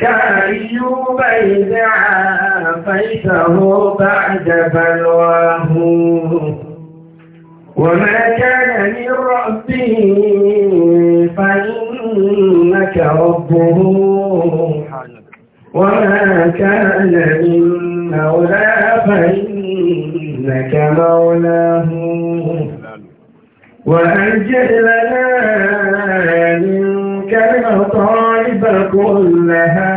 كأيوب إذ عافيته بعد بلواه وما كان من ربه فإنك ربه وما كان من مولى فإنك مولاه وأنجل لنا منك المطار كلها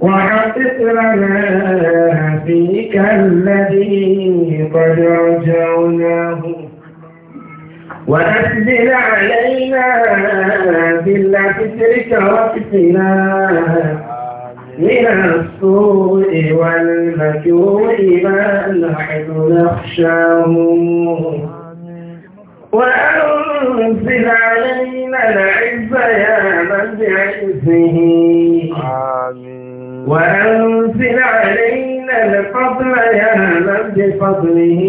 وحقق لنا فيك الذي قد رجعناه وأسبل علينا بالله سترك من السوء والمكروه ما نحن نخشاه وأنزل علينا العز يا من بعزه آمين وأنزل علينا الفضل يا من بفضله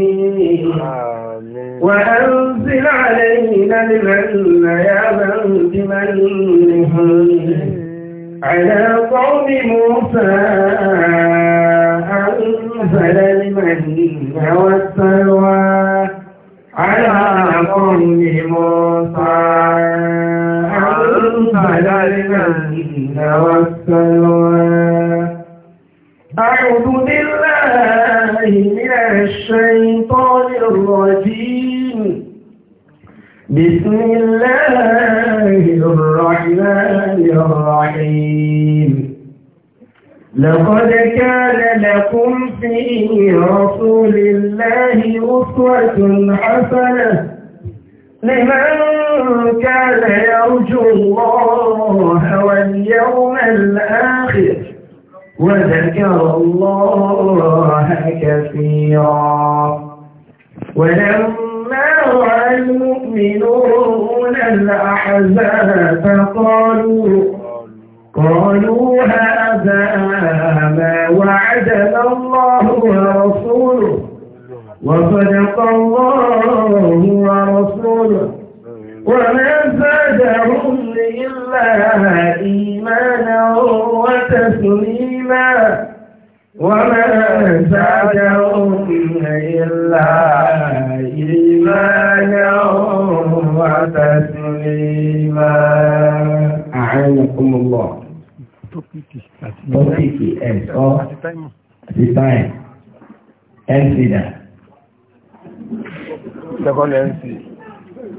آمين وأنزل علينا المن يا من بمنه على قوم موسى أنزل المن والسلوى لكم لموسى أنزل المن والسلوى أعوذ بالله من الشيطان الرجيم بسم الله الرحمن الرحيم لقد كان لكم في رسول الله أسوة حسنة لمن كان يرجو الله واليوم الآخر وذكر الله كثيرا ولما رأى المؤمنون الأحزاب قالوا قالوا هذا ما وعدنا الله ورسوله وصدق الله ورسوله وما زادهم إلا إيمانا وتسليما وما زادهم إلا إيمانا وتسليما أعانكم الله Topiki ẹ̀sọ́ àti táìmù. Ẹ̀sìdà second NC.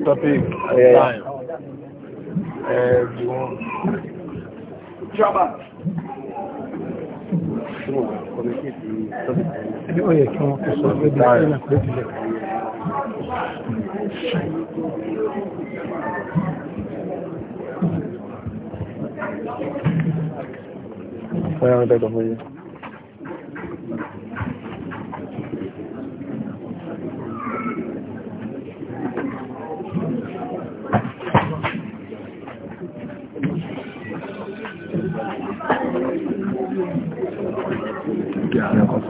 topic time Uh, eh, ẹ̀ẹ́dùn. Ẹni ó yẹ kí wọ́n kó sọ lórí ìrìnà pé tilẹ̀. Ọ̀yá ọ̀dọ́gbọ̀n yìí.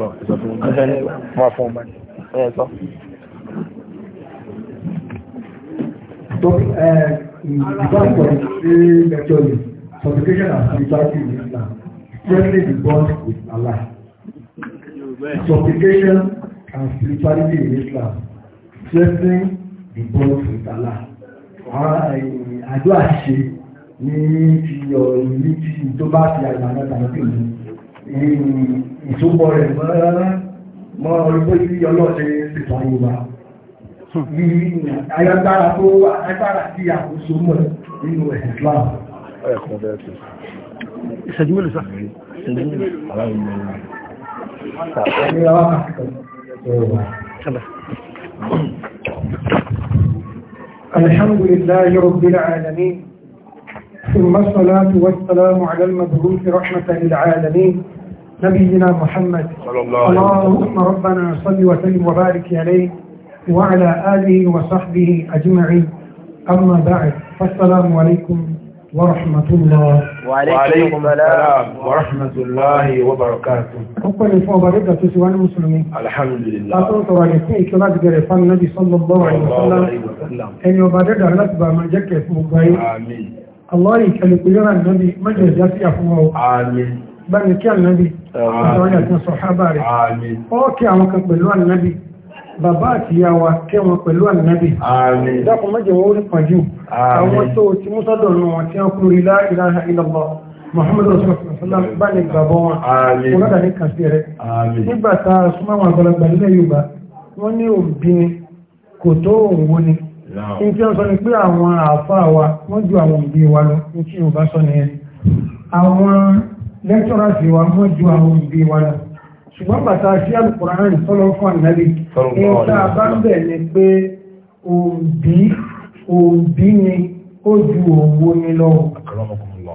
So, uh, in regards to the lecturing, supplication and spirituality in Islam, strengthen the bond with Allah. Supplication and spirituality in Islam, strengthen the bond with Allah. Àjọ àṣe ní ti ọ̀rọ̀ ní ti tó bá ti àgbà náà tàbí ìlú. ìtúbọ̀ rẹ̀ mọ́ olùgbé tí ọlọ́ọ̀ṣẹ́ ṣètò àyíwá ní ayọ́gbára tó wà agbára tí àkóso mọ̀ nínú Islam ìṣẹ́jú mélòó sá ìṣẹ́jú mélòó aláwọ̀ الحمد لله رب العالمين ثم الصلاة والسلام على المبعوث رحمة للعالمين نبينا محمد اللهم ربنا صل وسلم وبارك عليه وعلى آله وصحبه أجمعين أما بعد فالسلام عليكم ورحمة الله وعليكم السلام ورحمة الله وبركاته أقول فوق بردة سوان المسلمين الحمد لله أطلت ورحمتني كما تقول فان النبي صلى الله عليه وسلم أن يبادر الأسباب من جكة في مقايد آمين الله يكلم لنا النبي مجرد يسيح فوق آمين báni kí ànábì ọ̀dọ́rin àti sọ̀hábà rẹ̀ ọ́kẹ́ àwọn kan pẹ̀lú ànábì bàbá àti ìyá wa kẹ́ wọn pẹ̀lú ànábì dákun mẹ́jẹ̀ wọ́n rí pàjú àwọn tó ti mú sọ́dọ̀ nù wọn tí wọ́n kúrò ilá ìlànà ìlọ́gbọ́ Muhammadu Rasulullah bá ní gbàbọ́ wọn wọn dà ní kàṣí rẹ̀ nígbà lẹ́tọ́rà sí wa mọ́ ju àwọn ìbí wa lọ ṣùgbọ́n bàtà sí alùpùránì tọ́lọ́ fún ànábì ìta bá ń bẹ̀ ni pé òbí òbí ni ó ju òwò ni lọ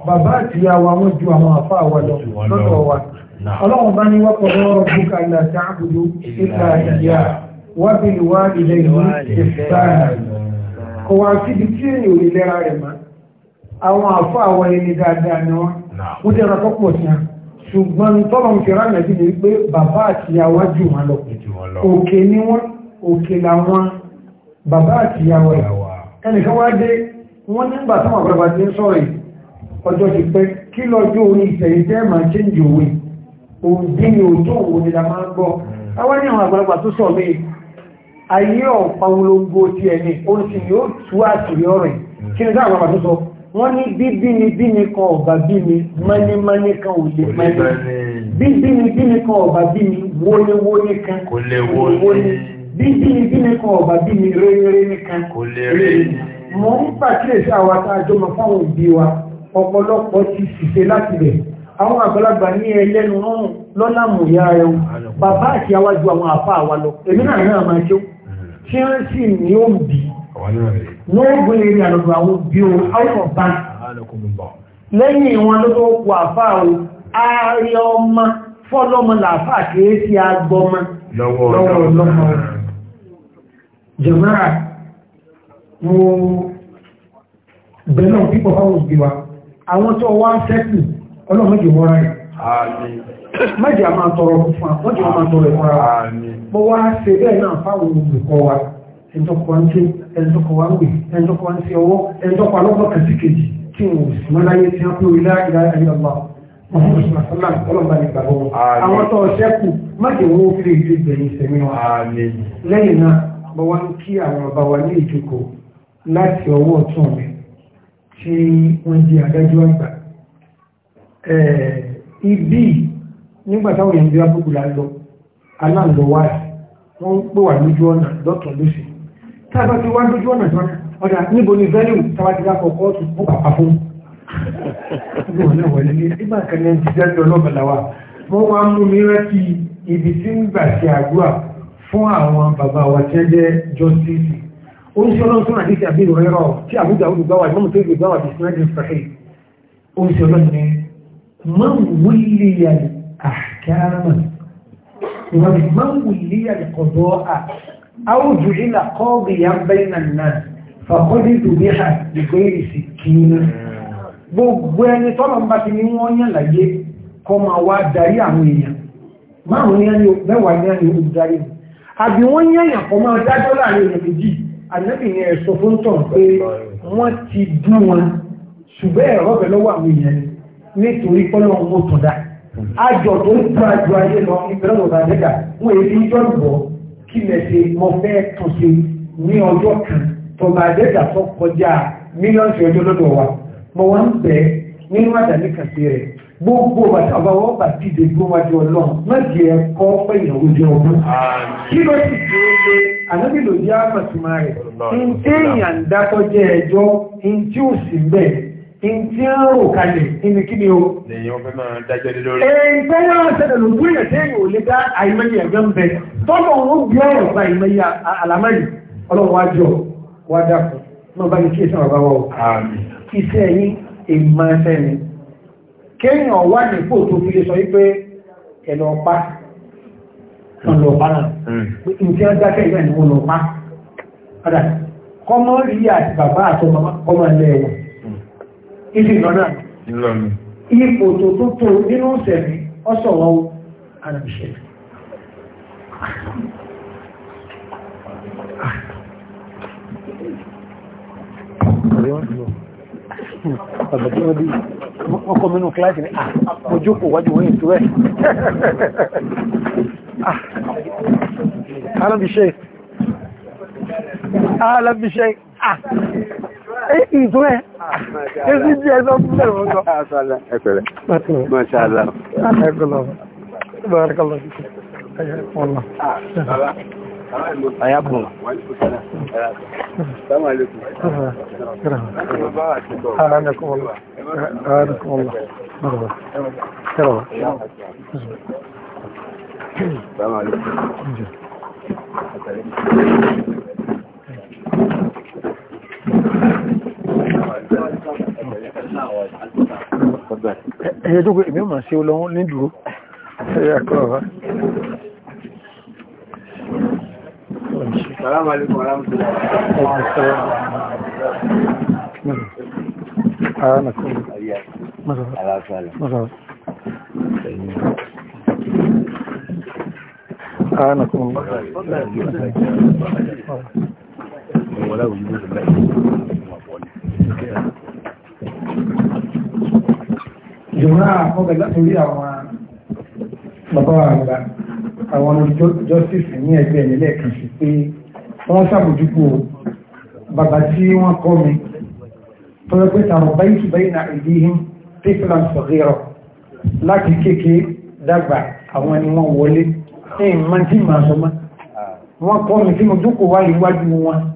bàbá àti àwa wọn ju àwọn àfa àwa lọ lọ́dọ̀ wa ọlọ́run bá ní wọ́pọ̀ lọ́rọ̀ búkà ilà tí a gbùdú ìta ìyá wábìlì wá ilẹ̀ ìlú ìfẹ́ kò wá síbi tí èèyàn ò lè lẹ́ra rẹ̀ mọ́ àwọn àfa àwa ẹni dáadáa ni wọ́n ó dẹ̀ ra pọ́pọ̀ sí a ṣùgbọ́n tọ́lọ̀mù fi ránà sí ni pé bàbá àti ìyàwó jù wọn lọ òkè ni wọ́n òkè làwọn bàbá àti ìyàwó ẹnìkan wá dé wọ́n nígbà táwọn àgbàlagbà ti ń sọ̀rọ̀ yìí ọjọ́ ti pẹ́ kí lọ́jọ́ orí ìtẹ̀yìn tẹ́ máa ṣéǹjì òwe òun bí ni òótọ́ òun ni la máa ń gbọ́ hmm. àwọn ní àwọn àgbàlagbà tó sọ̀ mí ayé ọ̀pá ó tú àṣírí ọ̀rẹ́ hmm. kí ni táwọn àgbàlagbà tó wọ́n ní bíbínibíni kan ọ̀bà bíni mọ́nímọ́ní kan ò lè mọ́ní bíbínibíni kan ọ̀bà bíni wóníwóní kan kò lè wóní bíbínibíni kan ọ̀bà bíni réréréní kan kò lè réréní mọ́ ń pàkíyèsí àwọn àtàjọmọ̀ fáwọn òbí wa ọ̀pọ̀lọpọ̀ ti ṣìṣe láti rẹ̀ àwọn àgbàlagbà ní ẹlẹ́nu rọrùn lọ́nà mòyá ẹun bàbá àti àwájú àwọn àfáà wa lọ èmi náà náà máa jó tí wọ́n sì ní òǹbí wọ́n gbélé ní àlọ́dọ̀ àwọn bí o out of bank lẹ́yìn wọn ló tó kù àfá o ààrẹ ọmọ fọ́lọ́mọ làfá kìí sí agbọmọ lọ́wọ́ ọlọ́mọ jẹ̀mọ́ra mo bẹ̀rẹ̀ pípọ̀ fáwọn òbí wa àwọn tó wá ń sẹ́kù ọlọ́mọdé mọ́ra rẹ̀ mẹ́jì a máa tọrọ fún àpọ́jì a máa tọrọ ìfọ́ra wa mo wá ṣe bẹ́ẹ̀ náà fáwọn olùkọ́ wa ẹ̀tọ́kọ́ ń tẹ́ ẹ̀ńtọ́kọ̀ wá wè ẹ̀ńtọ́kọ̀ wá sí ọwọ́ ẹ̀ńtọ́kọ̀ alọ́gbọ́ kàtí kejì tí wọ́n sì mọ́ láyé tí wọ́n pé orí láìlá ayọ́lá Muhammad Sallam ọlọ́mọba ní ìgbàgbọ́ wọn. Àwọn tó ṣẹ́kù má jẹ́ wọ́n fi èdè gbẹ̀yìn sẹ́mi wọn. Lẹ́yìn náà, mo wá ń kí àwọn ọba wa ní Ibi nígbà táwọn èèyàn bí wá gbogbo la lọ, aláǹlọ́wà wọ́n ń pè tábà ti wá lójú ọ̀nà tó ọ̀dà níbo ni venue tábà ti dákọ̀ kọ́ọ̀tù ó pàpà fún nígbà kan ní ti jẹ́ ọlọ́bàláwà wọ́n wá mú mi rántí ibi tí ń gbà ṣe àdúrà fún àwọn bàbá wa tí ń jẹ́ justice oníṣọ́lọ́ tún àdíṣe àbílò rẹ́rọ̀ tí àbújá olùgbàwà ìmọ̀mù tó gbègbàwà ti sinadì fẹ́hìn oníṣọ́lọ́ ni man wílíyàn àkàrà man wílíyàn kọ̀dọ̀ أو جعل قاضيا بين الناس فقد ذبح بغير سكين gbogbo ẹni tọ́lọ̀ ń bá ti ní wọ́n yàn láyé kọ́ máa wá darí àwọn èèyàn márùn-ún ní ẹni mẹ́wàá ní ẹni ogun darí àbí wọ́n yàyàn kọ́ máa dájọ́ láàrin èèyàn méjì ànábì yẹn sọ fún tàn pé wọ́n ti dún wọn ṣùgbọ́n ẹ̀rọ kí lẹ ṣe mọ fẹ́ tún ṣe ní ọjọ́ kan tó máa dẹ́gbà tó kọjá mílíọ̀nù ọjọ́ lọ́dọ̀ wa mo wá ń bẹ̀ nínú àdàní kàṣe rẹ̀ gbogbo bàtà ọba wọn bá dìde gbówájú ọlọ́run má jẹ ẹ̀kọ́ pẹ́ ìyàwó jẹ ọdún kí ló sì ṣe é lé ànábì lòdì àmọ̀túnmá rẹ̀ ní téèyàn dátọ́ ẹjọ́ ní tí ó sì bẹ́ẹ̀ ìtí ń rò kalẹ̀ inú kí ni o. lèyìn ọgbẹ́ máa dájọ́ lé lórí. èyí tó yára ṣẹlẹ̀ ló gbé yẹn téèyàn ò lè dá àìmọye ẹ̀gbẹ́ ń bẹ tọ́lọ̀ ń gbé ọ̀rọ̀ gba àìmọye àlámọ́yì ọlọ́run wá jọ wá dákun náà bá ní kí èsì bàbá wa o. iṣẹ́ yín èèmọ̀ ẹsẹ̀ ni kéèyàn wà nípò tó fi lè sọ wípé ẹ̀ lọ pa kan lọ pa náà hmm. ntí wọn dákẹ́ ìgbà ni wọn lọ pa kọ́mọ́ rí àti bàbá àtọmọ ọmọ ilé ẹ̀wọ̀n ibi ìlọ́nà ìlọ́nà ipò tó tó tó nínú ìsẹ̀mí ọ́sọ̀wọ́ àrẹ̀mìṣẹ́ Bàbá tí wọ́n bí wọ́n kọ́ mínú kíláàsì ní àmójú kò wájú wọ́n ètò ẹ̀. Alábìṣẹ́. Alábìṣẹ́ ìtúrẹ́ ẹ̀sí jí ẹ̀sọ́ fún ẹ̀rọ ọ̀gọ́ ẹ̀kọ̀lẹ̀ mọ́ṣálá ẹ̀kọ̀lọ̀ bọ́ọ̀rẹ̀kọ̀lọ̀ ọ̀lọ̀ ayábùn Thank you ẹ̀yẹ́ tó gbé èmì ọmọ sí olóhun ní dúró ẹ̀yẹ́ àkọ́ ọ̀rọ̀ Assalamu alaikum warahmatullahi wabarakatuh. أعانكم الله wala wujudu lillahi jùmọ́ àkọ́bẹ̀ látòrí àwọn bàbá àgbà àwọn justice ní ẹgbẹ́ ìlẹ̀ kan sí pé wọ́n sàbójúkú bàbá tí wọ́n kọ́ mi tọ́jọ́ pé tàbí báyìí tí báyìí na ìdíhìn pípìlá sọ̀rọ̀ láti kéèké dàgbà àwọn ni wọ́n wọlé ní ìmọ̀ tí màá sọ mọ́ wọ́n kọ́ mi tí mo jókòó wá ìwájú wọn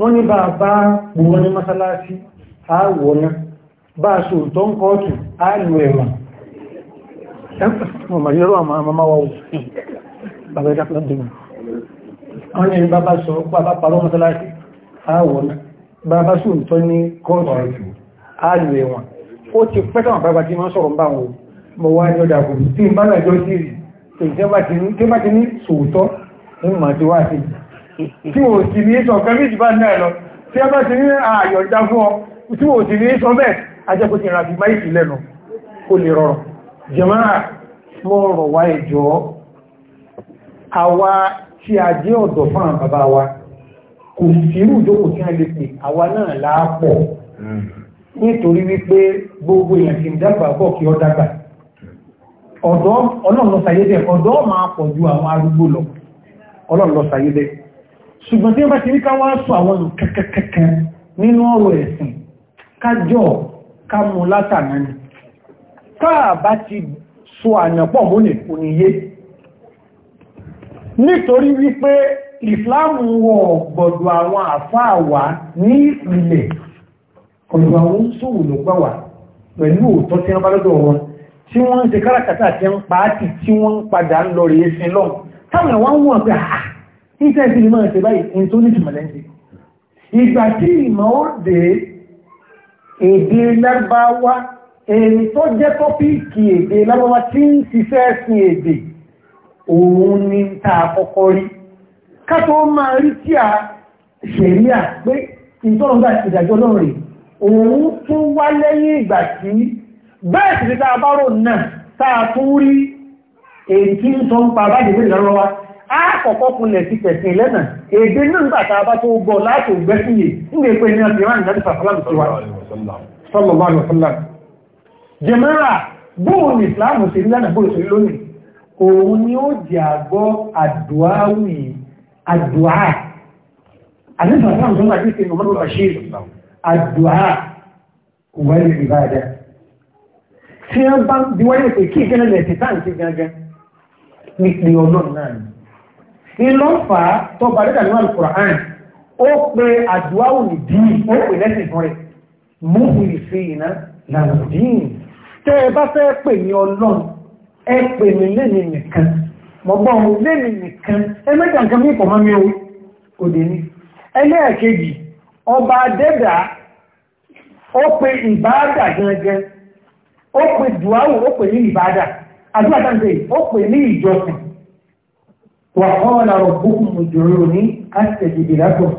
wọ́n ní bá bá gbòwọ́ ní mọ́sálásí àwọ̀ná bá ṣò tó ń kọ́ọ̀tù àìlú ẹ̀wọ̀n ọmọ yọ́rọ̀ àmà àmàmáwà ò bàbá ẹ̀dá pẹ̀lú wọ́n ní bá bá sọ pàbá parọ́ mọ́sálásí àwọ̀ná bá bá ṣò tó ní kọ́ọ̀tù àìlú ẹ̀wọ̀n ó ti pẹ́tàwọn bàbá tí wọ́n sọ̀rọ̀ bá wọn mọ̀ wá ní ọ̀dà kò tí ń bá lọ́jọ́ sí rí tí ń bá ti ní sòótọ́ ní màá ti wá sí tí wò sí ní sọ ọ̀kan méjì bá náà lọ tí a bá ti ní ààyọ̀ ìdá fún ọ tí wò sí ní sọ bẹ́ẹ̀ ajẹ́kò ti ràfi máìkì lẹ́nu kó lè jẹmáà wá ẹjọ́ àwa tí a jẹ́ ọ̀dọ̀ fún wa kò tí a lè pè àwa náà láàpọ̀ nítorí wípé gbogbo èèyàn ti ń dàgbà ọ dàgbà ọ̀dọ́ ọlọ́run lọ sàyédẹ̀ ọ̀dọ́ máa pọ̀ ju àwọn arúgbó lọ ọlọ́run lọ sàyédẹ̀ ṣùgbọ́n tí wọ́n bá ti rí ká wá sọ àwọn kẹ́kẹ́kẹ́kẹ́ nínú ọ̀rọ̀ ẹ̀sìn kájọ kámú látàná ni káà bá ti sọ àyànpọ̀ múnì oníyé nítorí wípé ìsìláàmù wọ gbọ̀dọ̀ àwọn àfáà wá ní ilẹ̀ ọ̀dọ̀ àwọn sòwò ló gbà wá pẹ̀lú òótọ́ tí wọ́n bá lọ́dọ̀ wọn tí wọ́n ń ṣe káràkátà tí ń pa iṣẹ́ ìsinmi máa ṣe báyìí in tó ní ìmọ̀lẹ́sì ìgbà tí ìmọ̀ ó dé èdè lárúbáwá èyí tó jẹ́ tọ́píìkì èdè lárúbáwá tí ń ṣiṣẹ́ ẹ̀sìn èdè òun ni ta àkọ́kọ́ rí ká tó máa rí tí a ṣèrí à pé ìtọ́lọ́gbà ìdájọ́ náà rè òun tún wá lẹ́yìn ìgbà tí bẹ́ẹ̀ sì ti tá a náà tá a èyí tí ń sọ ń pa báyìí pé ìlànà àkọ́kọ́ kunlẹ̀ ti tẹ̀sìn lẹ́nà èdè náà gbàtà bá tó gbọ́ láti ògbẹ́sìyè ní èpè ní ọdún ìrìn àti sàfàlàmù ti wà sallallahu alaihi wasallam jẹmọ́ra bóò ní ìsìláàmù sí lẹ́nà bóò sí lónìí òun ni ó jẹ àgbọ́ àdùáwì àdùá àti sàfàlàmù tó ń gbàdí sí ọmọdé bàṣír àdùá wẹ́lẹ̀ ìbáadá tí wọ́n bá bí wọ́n yẹ pé kí ìgẹ́lẹ̀ ti táǹkì gangan ní ìpè ọlọ́run náà ni ìlọ fà á tó bá dídà nínú alukur'an ó pe àdúrà òní díì ó pè lẹ́sìn fún rẹ̀ múhu ìfẹ́ iná lànà díì tẹ́ ẹ bá fẹ́ pè ní ọlọ́run ẹ pè mí lẹ́nu nìkan mọ̀gbọ́n lẹ́nu nìkan ẹ mẹ́ta nǹkan mú ìpọ̀ o kò ọba adẹ́dà ó ìbáàdà gangan ó ó ní ìbáàdà àdúrà ó ní وقال ربكم ادعوني أستجب لكم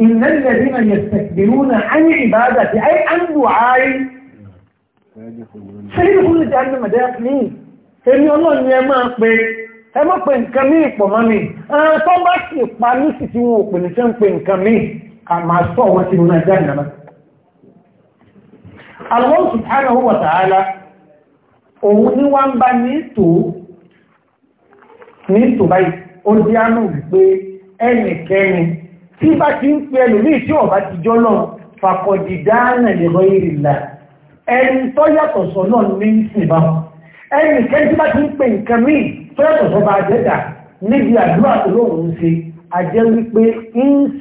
إن الذين يستكبرون عن عبادتي أي عن دعائي سيدخلون جهنم داخل ليه؟ èmi ọlọ́run yẹn máa pe ẹ mọ́ pe nǹkan mí ìpọ̀ mọ́ mi ẹran tó bá sì pa ní sì tí wọn ò pè ní sẹ́ ń pe nǹkan mí àmà sọ wọn ti rúnà jáde náà Allah subhanahu wa ta'ala òun ní wá bá ní tò báyìí oúnjẹ àánú wípé ẹnìkẹ́ni tí bá ti ń pè ẹlòmíì tí ọ̀bá ti jọ́ náà fàkọ̀dìdáànà ìrọ̀ ìrìnlá ẹni tó yàtọ̀ sọ náà ní ìsìnbá ẹnìkẹ́ni tí bá ti ń pè nǹkan míì tó yàtọ̀ sọ bá jẹ́dà níbi àdúrà tó lóòrùn ṣe àjẹ́ wípé ń ṣe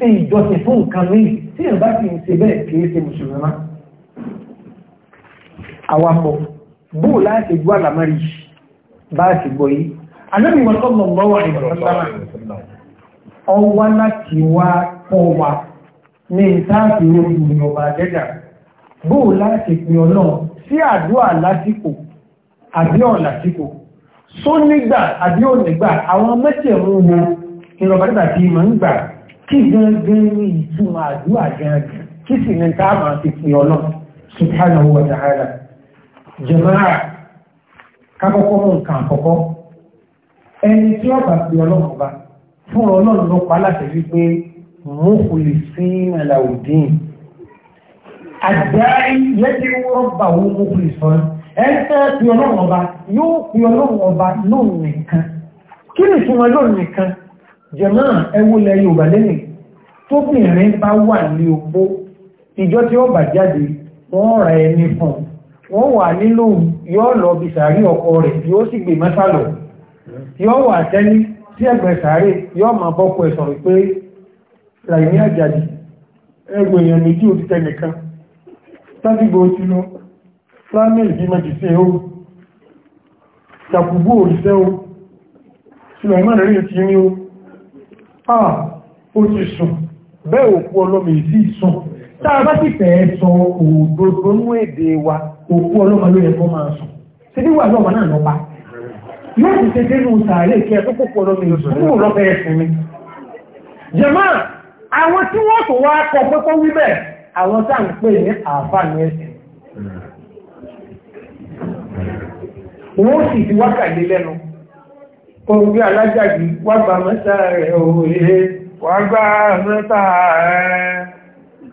Ànábì wa sallallahu alaihi wasallam ọwá láti wá pọ̀ wa ní ìtaàkì ogun ní ọba jẹ́jà bóò láti pin ọlọ́run sí àdúrà lásìkò àbí ọ̀làsìkò só nígbà àbí ònígbà àwọn mẹ́tẹ̀ẹ̀mú wo ìrọ̀bà nígbà tí ma ń gbà kí gẹ́gẹ́ ní ìtumọ̀ àdúrà gẹ́gẹ́ kakọ́kọ́ mú nǹkan àkọ́kọ́ ẹni tí ó bá fi ọlọ́run bá fún ọlọ́run ló pa láti rí pé mọ́kùnlé sí aláwùdín àdáyé yẹ́dí wọ́n bá wọ́n mọ́kùnlé sọ́n ẹ̀ẹ́sẹ́ fi ọlọ́run ọba yóò fi ọlọ́run ọba lóòrùn nìkan kí ni fún ọlọ́run nìkan jẹ̀mọ́ ẹwúlẹ̀ yorùbá lẹ́nìí tóbìnrin bá wà ní opó ìjọ tí ó bà jáde wọ́n ra ẹni fún wọ́n wà nílò yóò lọ bí ọkọ rẹ̀ yóò sì gbé mọ́sálọ̀ yóò wà tẹ́lí sí ẹ̀gbẹ́ sàárè yóò máa bọ́kù ẹ̀ sọ̀rọ̀ pé Láìní Àjàdì ẹgbẹ́ èèyàn méjì ò ti tẹ́ nìkan tàbígbò ti lọ flamil bí mẹ́jì sí ẹ̀ ó tàkùgbò òrìṣẹ́ ó Sulaiman rí ti rí ó àà ó ti sùn bẹ́ẹ̀ òkú ọlọ́mọ ìdí ìsùn táa bá ti fẹ́ sọ òdòdó nú èdè wa òkú ọlọ́mọ ló yẹ kó máa sùn sí níwà lọ́mọ náà lọ́pàá yóò ti tẹ́tẹ́ ní ìsàárè kí ẹkú kòkòrò mi kúrò lọ́fẹ́ ẹ̀sìn mi jẹ́mọ́ àwọn tí wọ́n tó wá kọ pẹ́kọ́ wíbẹ̀ àwọn tá ń pè ní àǹfààní ẹ̀sìn wọ́n sì ti wákàlé lẹ́nu ohun bí alájàgbé wàgbà mẹ́ta rẹ̀ òye mẹ́ta rẹ̀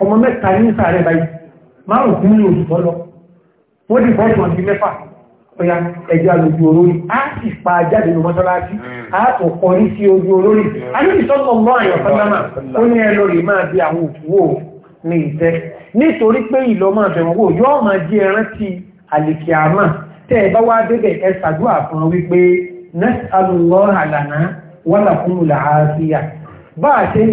ọmọ mẹ́ta ní sàárẹ̀ báyìí márùn kún ní oṣù tọ́lọ wọ́n dì fọ́ọ̀tù àti mẹ́fà ọya ẹjọ́ alójú olórí a sì pa jáde ní mọ́sálásí a tó kọ ní sí ojú olórí a ní ìsọ́tọ̀ mọ́ àyọ̀fẹ́lámà ó ní ẹlọ rè máa bí àwọn òkúwò ní ìtẹ́ nítorí pé ìlọ máa bẹ̀rẹ̀ wò yóò máa jẹ́ ẹran ti àlèkè àmà tẹ́ ẹ bá wá débẹ̀ ẹ ṣàdúrà fún àṣẹ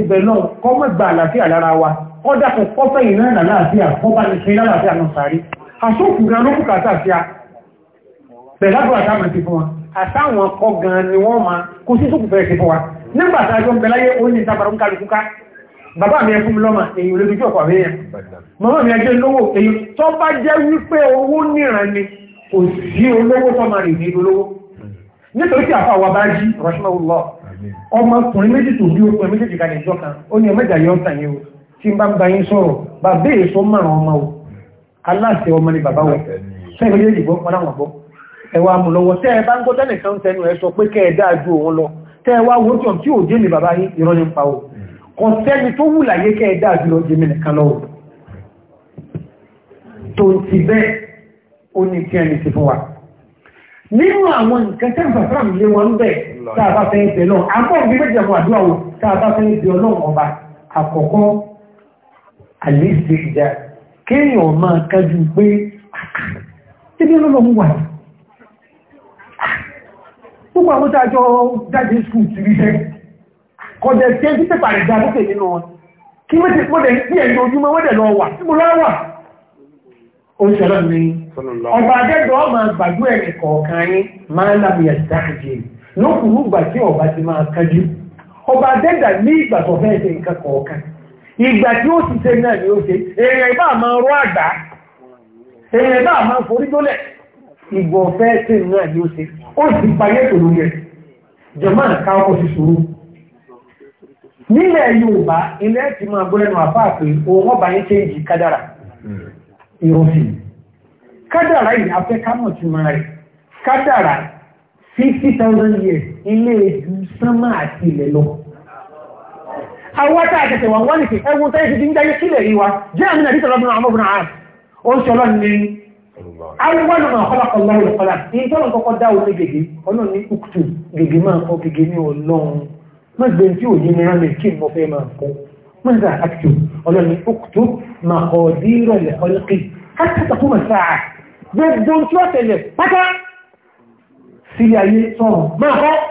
ibẹ̀ náà kọ́mọ̀ gbà àlàáfíà lára wa kọ́dà kò pọ́pẹ́ ìná ìlàláàfíà kọ́bá ní ṣe ìlàláàfíà náà sáré àṣókù gan ló kùkà sáàfíà pẹ̀lábọ̀ àtàmà ti fún wa àtàwọn kọ́ gan ni wọ́n ma kò sí sókù fẹ́ẹ̀ sí fún wa nígbàtà ẹjọ́ pẹ̀láyé oní ìtàbàrún kálukúká bàbá mi ẹkún lọ́mà èyí olóbi tí ọkọ̀ àwẹ́yẹn màmá mi ẹjẹ́ lówó èyí tó bá jẹ́ wípé owó níran ni kò sí olówó tó máa rìn ní olówó nítorí tí àfa wa bá jí rọ́ṣmọ́ ọmọkùnrin méjì tó bí ó pẹ́ méjì kan ìjọ kan ó ní ọmọ ìjà yọ ọ̀tàn yìí o tí bá ń bá yín sọ̀rọ̀ bá bèèrè sọ márùn ọmọ o aláṣẹ ọmọ ni bàbá wọ sẹ́yìn méjì ìbọn wọn láwọn bọ́ ẹwà mú lọ́wọ́ tẹ́ ẹ bá ń gọ́tẹ́ nìkan tẹnu ẹ sọ pé kẹ́ ẹ dáa ju òun lọ tẹ́ ẹ wá wo tí tí ò jẹ́ mi bàbá yín irọ́ ní pa o kò sẹ́ni tó wù láyé kẹ́ ẹ dáa ju lọ jẹ́ mi nìkan lọ́wọ́ tó àlèsè ìjà kéèyàn máa kájú pé ibi ọlọ́lọ́mú wà púpọ̀ àwọn tàjọ jáde skùl ti rí kọjẹ tí lókè nínú wọn kí wọ́n ti pọ́dẹ̀ sí ẹ̀yìn ojúmọ́ wọ́n dẹ̀ lọ wà tí mo lọ́wà oúnjẹ́lọ́ ni ọba akẹ́gbẹ̀ ọmọ gbàgbé ẹ̀rẹ̀ ọba ọba kọ̀ọ̀kan ìgbà tí ó sì ṣe náà ni ó ṣe èèyàn ìbá máa rọ àgbà èèyàn ìbá ma forí dólẹ̀ ìgbà ọ̀fẹ́ náà ni ó ṣe ó sì payé pẹ̀lú jọmọ́ àká ọkọ̀ sí ṣòro nílẹ̀ Yorùbá ilẹ̀ ti gbọ́ lẹ́nu ọba kádàrà kádàrà yìí afẹ́ kámọ̀ ti máa rẹ̀ kádàrà years ilé sánmà àti ilẹ̀ àwọn tá àjẹsẹ̀ wà wọ́n nìkẹ́ ẹwọ́n tẹ́ ti dín dáyé sílẹ̀ rí wa jẹ́ àmì nàìjíríà lọ́bìnrin àwọn ọmọbìnrin àárẹ̀ ó ń sọ lọ́nà ní awọ́nà ọ̀pọ̀lọpọ̀lọpọ̀ ìfọ́lá ní tọ́lọ̀ kọ́kọ́ dá orí gègé ọlọ́run ní uktu gègé máa kọ́ gègé ní ọlọ́run mọ́gbẹ́ tí ò yé mi rán mi kí mo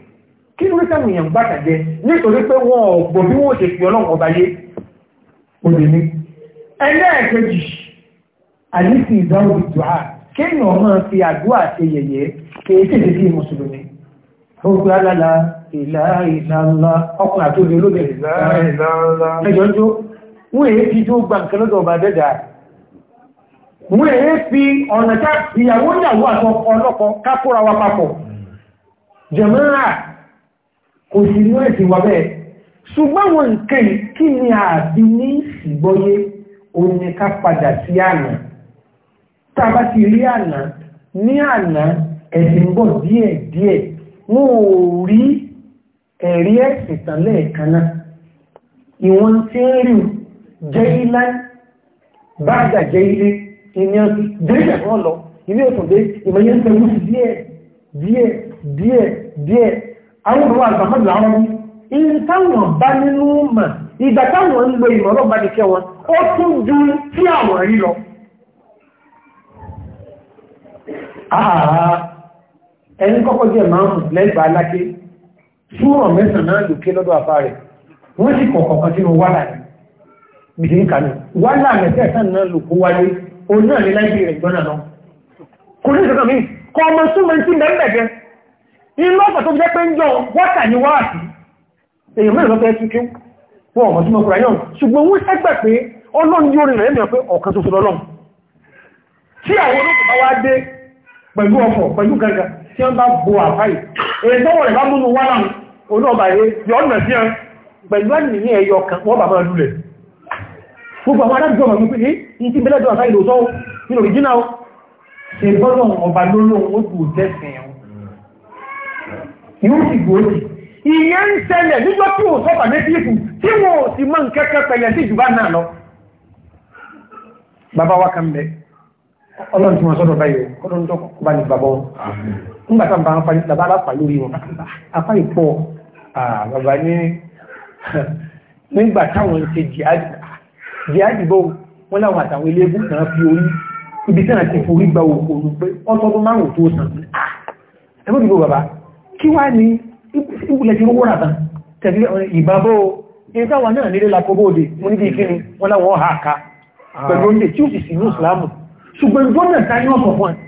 kí ló ríkà mìíràn gbàtàjẹ nítorí pé wọn ọ̀gbọ̀n bí wọ́n ṣe fi ọlọ́run ọba yé òdè ní ẹlẹ́ẹ̀kejì àdísì ìdáwò ìdùá kéèyàn máa fi àdúrà ṣe yẹ̀yẹ́ kéè tètè sí mùsùlùmí gbogbo alálà ìlà ìlàlá ọkùnrin àti obìnrin olóbìnrin ẹjọ́ jó wọ́n èé fi jó gba nǹkan lọ́dọ̀ ọba dẹ́dà wọ́n èé fi ọ̀nà ká ìyàwó ìyàwó àtọkọ ọlọ́kọ ká kóra wa papọ̀ jẹ̀mọ́ra kò sí inú ẹ̀sìn wà bẹ́ẹ̀ ṣùgbọ́n wọn nǹkan kí ni àbí ní ìsìgbọ́yé òní ká padà sí àná tá a bá ti rí àná ní àná ẹ̀sìn bọ̀ díẹ̀ díẹ̀ wọn ò rí ẹ̀rí ẹ̀sìn tán lẹ́ẹ̀kan náà ìwọ̀n tí ń rí jẹ́ ilá bá àjà jẹ́ ilé ìyẹn jẹ́ ìjàkọ́ lọ ilé òtòdé ìmọ̀yẹ́ ń tẹ́wọ́ sí díẹ̀ díẹ̀ díẹ̀ díẹ̀ àwọn ọmọ àgbàmọ́dù àwọn ní in táwọn bá nínú mà ìgbà táwọn ń lo ìmọ̀rọ̀ bá nìkẹ́ wọn ó tún ju tí àwọn rí lọ ẹni kọ́kọ́ jẹ́ máa mú lẹ́gbàá aláké súnrọ̀ mẹ́sàn náà lòkè lọ́dọ̀ àfá rẹ̀ wọ́n sì kọ̀ọ̀kọ̀ kan sínú wálà rẹ̀ bìdí ń kànú wálà rẹ̀ tẹ́ẹ̀sán náà lòkó wáyé òun náà ní láìpẹ́ rẹ̀ gbọ́nà náà kò ní ìṣẹ́kọ̀ mi inú ọ̀pọ̀ tó jẹ́ pé ń jọ wọ́kà ní wáàtí èyàn mẹ́rin lọ́pẹ́ ẹ̀sùn kí wọ́n ọmọ tí mọ́ kúrò yàn ṣùgbọ́n wọ́n sẹ́gbẹ̀ pé ọlọ́run yóò rí rẹ̀ mẹ́ pé ọ̀kan tó sọ́lọ́run tí àwọn olóòtú bá wá dé pẹ̀lú ọkọ̀ pẹ̀lú gẹ́gẹ́ tí wọ́n bá bo àfáì èyí tọ́wọ́ rẹ̀ bá múnú wá láhùn olóòbà yẹ yọ́nà sí ẹn pẹ̀lú ẹni ní ẹyọ kan wọ́n bá máa lulẹ̀ gbogbo àwọn adájọ́ ọmọ wípé ní tí bẹ́lẹ́jọ́ àfáì lò sọ́wọ́ nínú òrìjínà ṣe gbọ́dọ̀ ọba lólóhun ó dùn tẹ́sìn yóò sì gbòógì ìyẹn ń ṣẹlẹ̀ nígbà tí ò sọ́pàá méjìlìkù tí wọ́n ò sì mọ́ nkẹ́kẹ́ pẹ̀lẹ̀ sí ìjùbá náà lọ bàbá wa kan bẹ ọlọ́run tí wọ́n sọ́dọ̀ báyìí kọ́dún tó kọ́ bá ní bàbá wọn nígbà tá bá ń fa bàbá aláfà lórí wọn apá ìpọ̀ bàbá ní nígbà táwọn ń ṣe jihadi bọ́ wọn láwọn àtàwọn eléégún kan fi orí ibi tí wọn ti forí gba òkòrò pé ọtọ́dún márùn-ún tó sàn ẹgbẹ́ ìdìbò bàbá kí wá ní ìpìlẹ̀ tí rówó ràtà tẹ̀bí ìbábó ìtawà náà nílé lakobóde mú níbi ìkíni wọ́n láwọ́ àká pẹ̀lú oúnjẹ tí ó sì sí ní ìsìlámù ṣùgbọ́n gbọ́nà ta ní ọ̀sọ̀ fún ẹ̀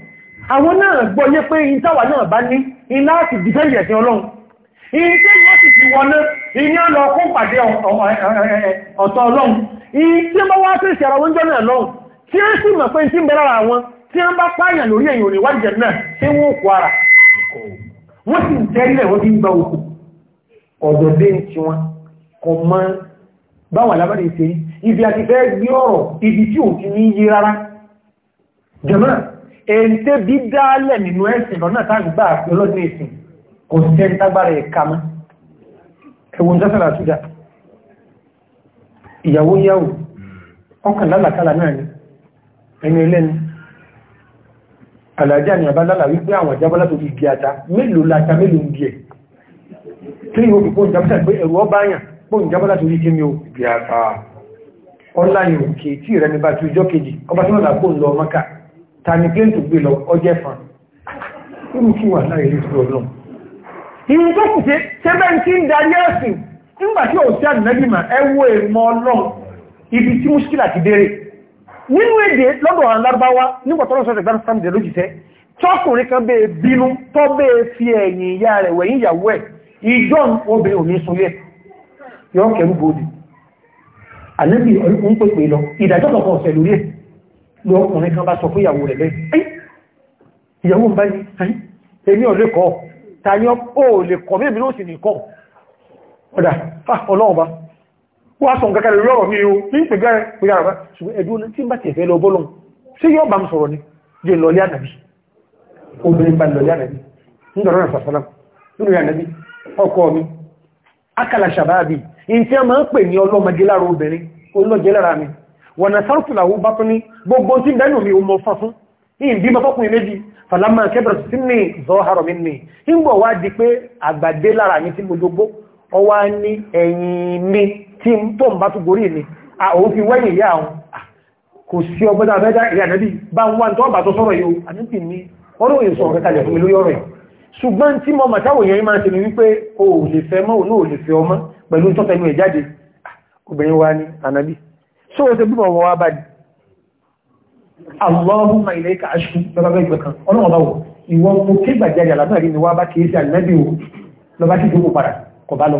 àwọn náà gbọ́ yé pé ìtawà náà bá ní ilá ti dìfẹ́ǹdì ẹ̀sìn ọlọ́run ìyí tí wọ́n sì ti wọlé ìní ọ̀nà ọkùn pàdé ọ̀tọ̀ ọlọ́run ìyí tí wọ́n wá sí ìṣẹ̀rọ wọ́n sì ń tẹ́lẹ̀ wọ́n bí ń gba òkú ọ̀dọ̀ dé ń ti wọn kọ mọ́ báwọn alábàdì ṣe rí ibi àti fẹ́ gbé ọ̀rọ̀ ibi tí ò ti ní yí rárá jẹ̀mọ́ ẹ̀ǹtẹ́ bí dálẹ̀ nínú ẹ̀sìn lọ́nà tágbà ọlọ́dún ẹ̀sìn kò sẹ́ntágbára ẹ̀ka mọ́ ẹ̀wọ̀n jásàrà àtújà àlàájá ni àbálálà wípé àwọn àjábọ́lá tó igi ata mélòó láta mélòó ń bí ẹ̀ tí yóò fi pọ́n jábọ́lá pé ẹ̀rù ọba àyàn pọ́n jábọ́lá tó igi mi ò bí ata ọlá ìrùkè tí rẹ̀ ní bá tí ọjọ́ kejì ọba tí wọ́n là pọ́n lọ mọ́kà ta ni pé ń tó gbé lọ ọjẹ́ fan irú kí wà láyé ní ìṣòro náà nínú èdè lọ́dọ̀ àwọn lárúbáwá nígbàtọ́lọ́sọ̀ ìgbà sàmìdẹ̀ lójìṣẹ́ tọ́kùnrin kan bẹ́ẹ̀ bínú tọ́ bẹ́ẹ̀ fi ẹ̀yìn ìyá rẹ̀ wẹ̀yìn ìyàwó ẹ̀ ìjọ́ obìnrin ò ní súnlẹ̀ yọ́ kẹrù bòdì àlébì ń pèpè lọ ìdájọ́ tọ̀kọ̀ ọ̀sẹ̀ lórí ẹ̀ lọ́kùnrin kan bá sọ fún ìyàwó rẹ̀ bẹ́ẹ̀ ìyàwó ń báyìí wá sọ nǹkan kẹrẹ lọ́rọ̀ mi o ní ìpẹ̀gbẹ́ ìgbà rẹ̀ ṣùgbọ́n ẹ̀dùn ní tí ń bá ti ẹ̀fẹ́ lọ bọ́lọ́n ṣé yóò bá mi sọ̀rọ̀ ni jẹ́ lọ́lé ànàbí obìnrin bá lọ́lé ànàbí nígbàrọ̀ rẹ̀ akala ṣàbáàbí in tí a máa ń pè ní ọlọ́mọdé lára obìnrin olóòjẹ́ lára mi wọ̀nà sárùtùlàwó bá tún ní gbogbo tí bẹ́nu mi ò mọ fún fún ìyìn bí mọ́fọ́kùnrin méjì fàlámà kẹbẹ̀rẹ̀ sí ní zọ́hárọ̀ mi ní ìgbọ̀ wá di ọwá ní ẹ̀yìn mi tí ń tó ń bá tó gorí ní àwọn fi wẹ́yìn ìyá àwọn kò sí ọgbọ́dá mẹ́ta ìyá nẹ́bí bá ń wá tó ọba tó sọ́rọ̀ yóò àníkì ní ọ̀rọ̀ òyìn sọ̀rọ̀ kẹta lẹ̀fún mi lórí ọ̀rọ̀ yìí ṣùgbọ́n tí mo màtáwò yẹn máa ṣe ni wípé o ò lè fẹ́ mọ́ òun ò lè fẹ́ ọmọ pẹ̀lú tọ́tẹnu ẹ̀ jáde obìnrin wa ni ànábì ṣó o ṣe bímọ wọn wá bá di Allahumma ilayka ashku lọ́ba bẹ́ẹ̀ gbẹ̀ kan ọlọ́run ọba wò ìwọ mo kégbàjáde àlámọ́ rí ni wá bá kìí ṣe ànábì o lọ́ba ti dúró padà kọ̀ bá lọ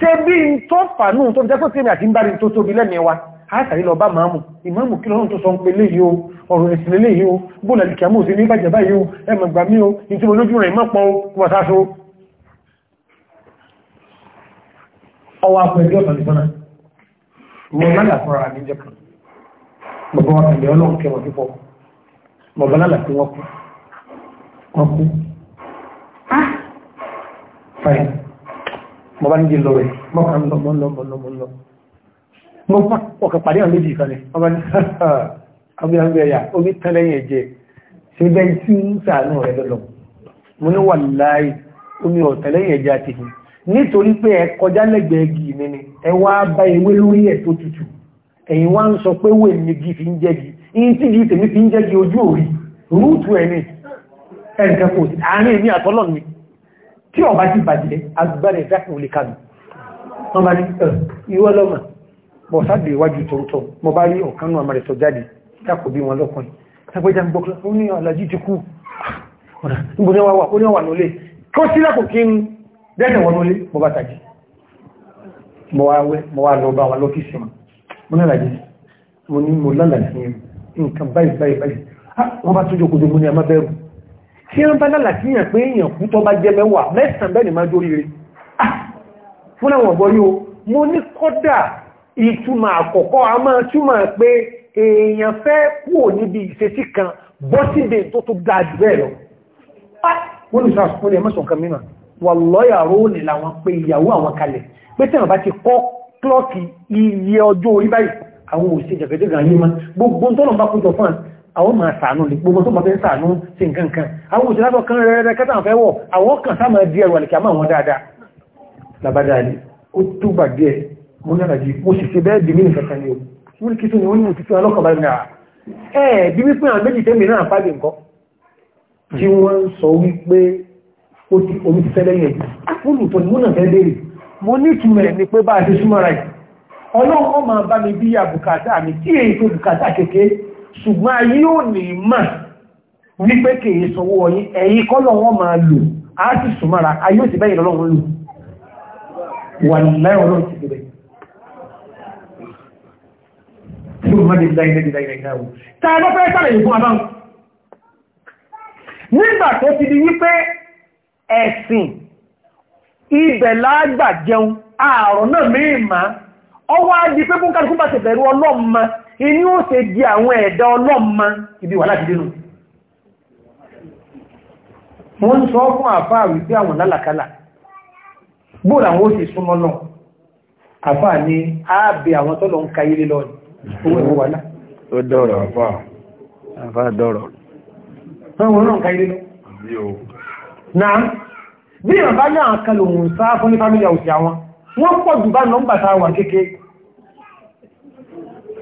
ṣe bí n tó fàánù tó jẹ́ pẹ́ àti ń bárí tó tóbi lẹ́ni wa àṣàrí lọ bá máàmù ìmáàmù kí lọ́rùn tó sọ ń pe lè yíó ọ̀rọ̀ ìsìnlẹ̀ lè yíó bóòlà lè kìámù sí ní ìbàjẹ́ báyìí ó ẹmọ̀gbà mí ó ìtí mo lójú rẹ̀ mọ́pọ̀ wọ̀sáṣó ọwọ́ apẹ̀lú ọ̀tọ̀ nìkaná wọ́n lálà fọ́ra àdíjẹ́ kan bàbá wa kàlẹ̀ ọlọ́run kẹwàá púpọ̀ bàbá lálà tí wọ́n kú wọ́n kú ah fine mo bá níjẹ lọ rẹ̀ mo kàn lọ mo lọ mo lọ mo lọ mo fà ọkàn pàdé àwọn méjì ìfàlẹ̀ ọba ní abúlé ẹ̀yà omi tán lẹ́yìn ẹ̀jẹ̀ ṣe bẹ́ẹ̀ tí ń sàánú rẹ̀ lọ́lọ́ mo ní wà láì omi ọ̀tẹ̀ lẹ́yìn ẹ̀jẹ̀ àti ìhìn nítorí pé ẹ kọjá lẹ́gbẹ̀ẹ́ igi mi ni ẹ wá bá ewé lórí ẹ̀ tó tutù ẹ̀yin wá ń sọ pé wè ní igi fi ń jẹ́gi in tí igi tèmi fi ń jẹ́gi ojú òrí rúùtù ẹ̀ tí ọba ti bàjẹ́ agbára ìdákùn olè kàdù wọ́n bá ní ìwọ́ lọ́mà bọ̀ sáàdì ìwájú tóótọ́ mọ́ bá rí ọ̀kanú àmàrẹ̀sọ jáde dákò bí wọn lọ́kùn ẹgbẹ́jà gbọ́kọ́ ó ní alájí ti kú wọ́n bá tó jókòó jẹ́ mú ní àmábẹ́rù tí ó ń bá lálàtíyàn pé èèyàn kú tó bá jẹ mẹ́wàá mẹ́sàn bẹ́ẹ̀ ni máa jórí rẹ̀ ah! fún àwọn ọ̀gbọ́rí o mo ní kọ́dà ìtumọ̀ àkọ́kọ́ a máa túmọ̀ pé èèyàn fẹ́ kúò níbi ìṣesí kan bọ́sídé tó tó ga jù bẹ́ẹ̀ lọ ah! wọ́n ní sàkúnlẹ̀ ẹmọ́sàn kan mìíràn wà lọ́yà róòlì làwọn pé ìyàwó àwọn kalẹ̀ pé tẹ́wọ̀n bá ti kọ́ klọ́ọ̀kì iye ọjọ́ orí báyìí àwọn òṣèjẹ̀gẹ̀dẹ̀gàn yìí mọ́ gbogbo tọ́nà bá kújọ fún àwọn máa sàánú lè gbogbo tó máa fẹ́ sàánú sí nǹkan kan àwọn òṣèlú àtọ̀ kan rẹ̀rẹ̀ kẹta fẹ́ wọ̀ àwọn kan sáàmà di ẹrù a máa wọn dáadáa labada ni ó tó bà díẹ̀ mo yára jí mo bẹ́ẹ̀ di mí nìkan kan ni o mo ní kí tó ni mo ti fi ọlọ́kọ̀ bá nà ẹ bí wípé àwọn méjì tẹ́mi náà fàgbé nǹkan tí wọ́n ń sọ wípé ti omi ti fẹ́lẹ́ yẹn olùtọ̀ ni mo náà fẹ́ léèrè mo ní ìtumọ̀ ni pé bá a ṣe súnmọ́ra yìí ọlọ́run ó máa bá mi bí àbùkátà mi tí èyí tó bùkátà ṣùgbọ́n ayé ò ní mọ̀ wípé kìí sanwó ọyí ẹ̀yí kọ́lọ̀ wọn máa lò á sì súnmọ́ra ayé ò sì bẹ́yìn lọ́lọ́run lò wà láìrọ̀ lọ́rùn ti bẹ̀rẹ̀ nígbà tó ti di wípé ẹ̀sìn ibẹ̀ lágbà jẹun ààrùn náà mìí ma ọwọ́ á di pé fún kàrùkú bá ti bẹ̀rù ọlọ́mọ inú ó ṣe di àwọn ẹ̀dá ọlọ́mọ ibi wà láti dínú wọ́n ń sọ fún àfáà wípé àwọn lálàkálà bóòlù àwọn ó sì súnmọ́ náà àfáà ní ààbẹ̀ àwọn tọ́lọ̀ ń ka ilé lọ́nà owó ìwò wà náà ó dọ̀rọ̀ àfáà àfáà wọ́n pọ̀ jù bá nọ́mbà táwà kéèkéé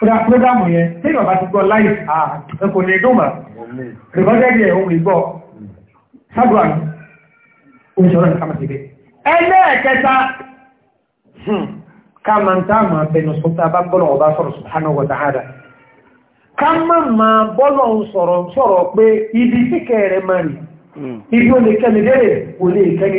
prógámù yẹn tí ìrọ̀bá ti gbọ́ láì àkò ní ìdúnmà rìbọ́jẹ́dì ẹ̀ ohun ìgbọ́ ṣàdùwà ní oníṣọ́rọ̀ ní kàmàtìgbé ẹlẹ́ẹ̀kẹta hmm. kàmà ń táàmà bẹnu sọ́tà bá gbọ́nà ọba sọ̀rọ̀ subhanahu wa ta'ala kàmà ma bọ́lọ̀ sọ̀rọ̀ sọ̀rọ̀ pé ibi kíkẹ́ rẹ̀ máa rí hmm. ibi ó lè kẹ́ni dé rẹ̀ kò lè kẹ́ni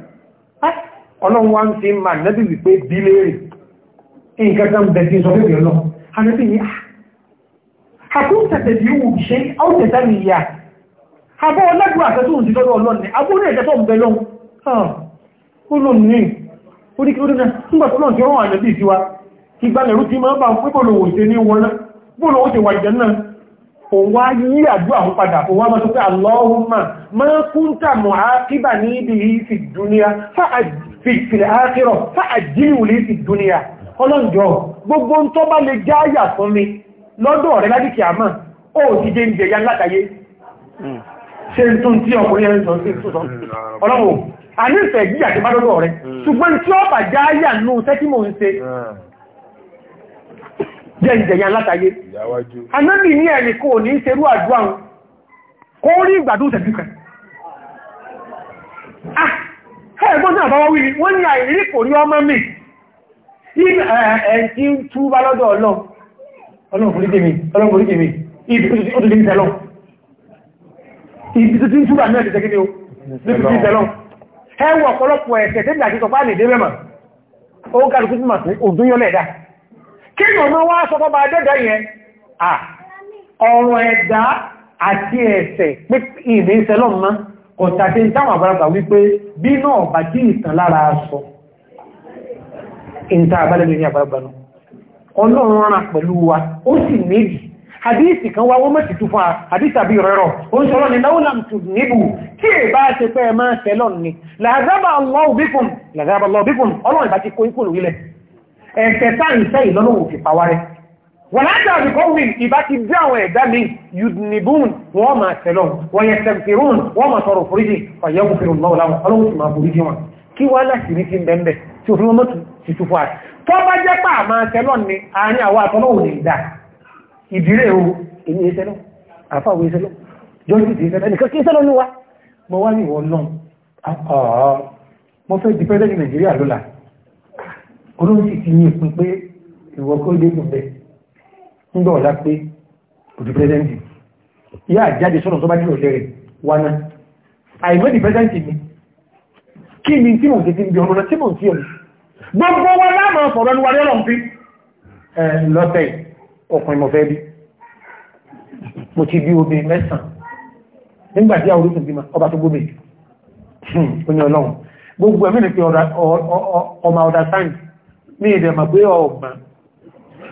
ọlọ́run wá ń fi ma nẹ́bí wípé bí léèrè nǹkan bẹ̀ sí sọ fẹ́bẹ̀ lọ anẹ́bí ni àkún tẹ̀tẹ̀ bí wù ṣe áwùtẹ̀tà ní ìyá àbọ́ ọlọ́gbọ̀ àtẹ́tùn ti lọ́dọ̀ ọlọ́ni abúrú ẹ̀tẹ́tọ̀ ń bẹ lọ́n ah, òun wá yí àdúrà fún padà òun wá mọ́ tó pé àlọ́hùn máa kúntà mọ̀ á kíbà ní ibi ìfìdúníà fáàdì fi ìpìlẹ̀ ààkìrọ̀ fáàjílù lè fi dúnìyà ọlọ́njọ́ gbogbo ń tọ́ bá lè já yà fún mi lọ́dọ̀ rẹ̀ ládìkì àmà ó ti jẹ́ ìjẹ ya látàyé ṣe ń tún tí ọkùnrin ẹ̀rìn sọ sí ìtúsọ hmm. ọlọ́wọ́ a ní ìfẹ̀ jíjà ti bá lọ́dọ̀ rẹ̀ hmm. ṣùgbọ́n tí ó bà já yà nú sẹ́kímò ń ṣe hmm. jẹ́ ìjẹ ya látàyé anábì ní ẹ̀rìn kò ní ṣerú àdúrà kó rí ìgbàdún ìṣẹ́jú kan ah ẹgbọ́n náà bọ́wọ́ wíri wọ́n ní àìrí kò rí ọmọ mi ẹ̀ẹ̀kí ń tú bá lọ́dọ̀ ọlọ́run orí tèmi ọlọ́run orí tèmi ibi tó ti ń tẹ́lọ́ ibi tó ti ń túbà náà ti tẹ́kí ni ó níbi tí ń tẹ́lọ́ ẹwọ ọ̀pọ̀lọpọ̀ ẹ̀ṣẹ̀ tẹ́bí àti sọpá lè dé mẹ́mà ó ń kàrùkú sí màtún òdún yọ́ lẹ́ẹ̀dá kí ni ọmọ wá sọ fọ́bà dẹ́dẹ̀ yẹn ọ̀rọ̀ ẹ̀dá àti ẹ̀ṣẹ̀ pé ìdí ń tẹ́lọ́ mọ́ ọ̀tàkì táwọn àgbàlagbà wípé bí náà bá jí ìtàn lára aṣọ ìta àbálẹ́lẹ́ ní àgbàlagbà náà ọlọ́run rán pẹ̀lú wa ó sì méjì hadisi kan wá wọ́n mẹ́sì túnfà hadisi àbí rẹ̀rọ̀ oúnṣọ́lọ́ ni láúnà tù níbù tí è bá ṣe pé ẹ máa tẹ̀lọ́ ni làzábà Allahu bikum làzábà Allahu bikum ọlọ́run ìbá ti kó ikú lórílẹ̀ ẹ̀ẹ̀kẹta ìṣẹ́ ìlọ́lọ́wò fi pàwárẹ́ wọ́n láti àbíkọ́wìn ìbá ti dé àwọn ẹ̀dá mi yudnibun wọ́n máa tẹ̀lọ wọ́n yẹ tẹ̀fẹ̀rún wọ́n máa sọ̀rọ̀ foríjì ọ̀yẹ́kù fèrè lọ́wọ́ láwọn ọlọ́wọ́ sì máa foríjì wọn kí wá láti rí ti ń bẹ̀m̀bẹ̀ tí òfin mọ́ ti túfọ́ àti tó bá ni wa mo wá ní ìwọ̀n náà mo fẹ́ di pẹ́lẹ́ ní Nàìjíríà lọ́la olóhùn gùn bẹ́ẹ̀ nígbà ọ̀dá pé òdì pẹ́sẹ́ntì yá àjáde sọ́nà tó bá jẹ́ òṣèrè wánà àìmọ́dì pẹ́sẹ́ntì ni kí ni tí mo ti fi ń bí ọmọ tí mo ti ọ̀nà gbogbo wọn láàmà sọ̀rọ̀ ní wàlẹ́ ọ̀rọ̀ fi lọ́tẹ̀ ọkùnrin mo fẹ́ bí mo ti bí obìnrin mẹ́sàn nígbà tí àwọn olóṣùn bímọ ọba tó gbóbe onye hmm, ọlọ́run gbogbo ẹ̀mí ni pé ọmọ ọ̀dà sáǹdì ní ìdẹ̀mà pé ọ̀gbọ̀n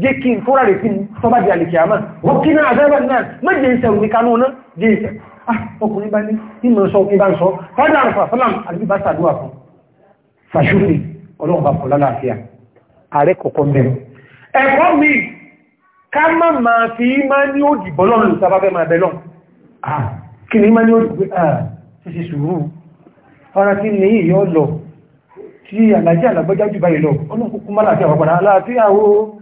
jẹ́ kí n fúra rẹ̀ sí tọ́bá di alìkìyàmá wọ́n kí náà àdábà náà méje ń sẹ̀rù ní kanú náà jẹ́ ìsẹ̀ ah, ọkùnrin bá ní ìmọ̀ sọ ìbá ń sọ fọ́dá àrùfà sọ́làm àti bá sàdúwà fún fàṣúfì ọlọ́ọ̀bà fún lálàáfíà ààrẹ kọ̀kọ́ mẹ́rin ẹ̀kọ́ mi ká má máa fi má ní ó dìbọ́ lọ́nà lù sábà fẹ́ máa bẹ lọ́n ah, kí ni má ní ó dìbọ́ ṣíṣe sùúrù ọ̀rọ̀ tí ní ìyọ́ lọ tí àlàjì àlàgbọ́jájú báyìí lọ ọlọ́kùnkùn má láti àwọn padà láti àwọn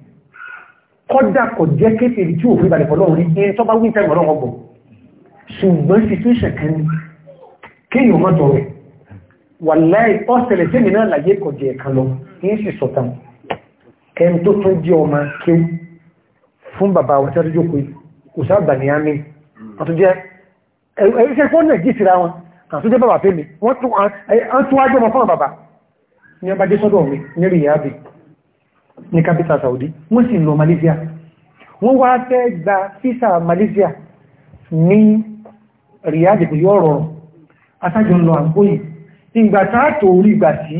kọ́dà kọ̀ jẹ́ kéfèrè tí òfin ìbàdẹ̀ pọ̀lọ́run rí ní tọ́bá wíńtẹ́ ìrọ̀lọ́wọ́ bọ̀ ṣùgbọ́n situation kan ní kéyìn ọmọ tọrọ ẹ̀ wà láì ọ́sẹ̀lẹ̀ tí mìíràn láyé kọ̀ jẹ́ kan lọ ní sì sọ̀tàn kẹ́m tó tún jẹ́ ọmọ kéw fún bàbá wọn tí wọ́n tó jókòó òṣà bàníyàmí àtúnjẹ́ ẹ̀ṣẹ́ fún náà jí síra wọn àtúnjẹ́ bàbá fẹ́mi wọ́n ní capital Saudi wọ́n sì lọ Malaysia wọ́n wá fẹ́ gba físà Malaysia ní Riyadh kò yọ́ rọrùn asájọ lọ àgbóyìn ìgbà tààtò orí ìgbà sí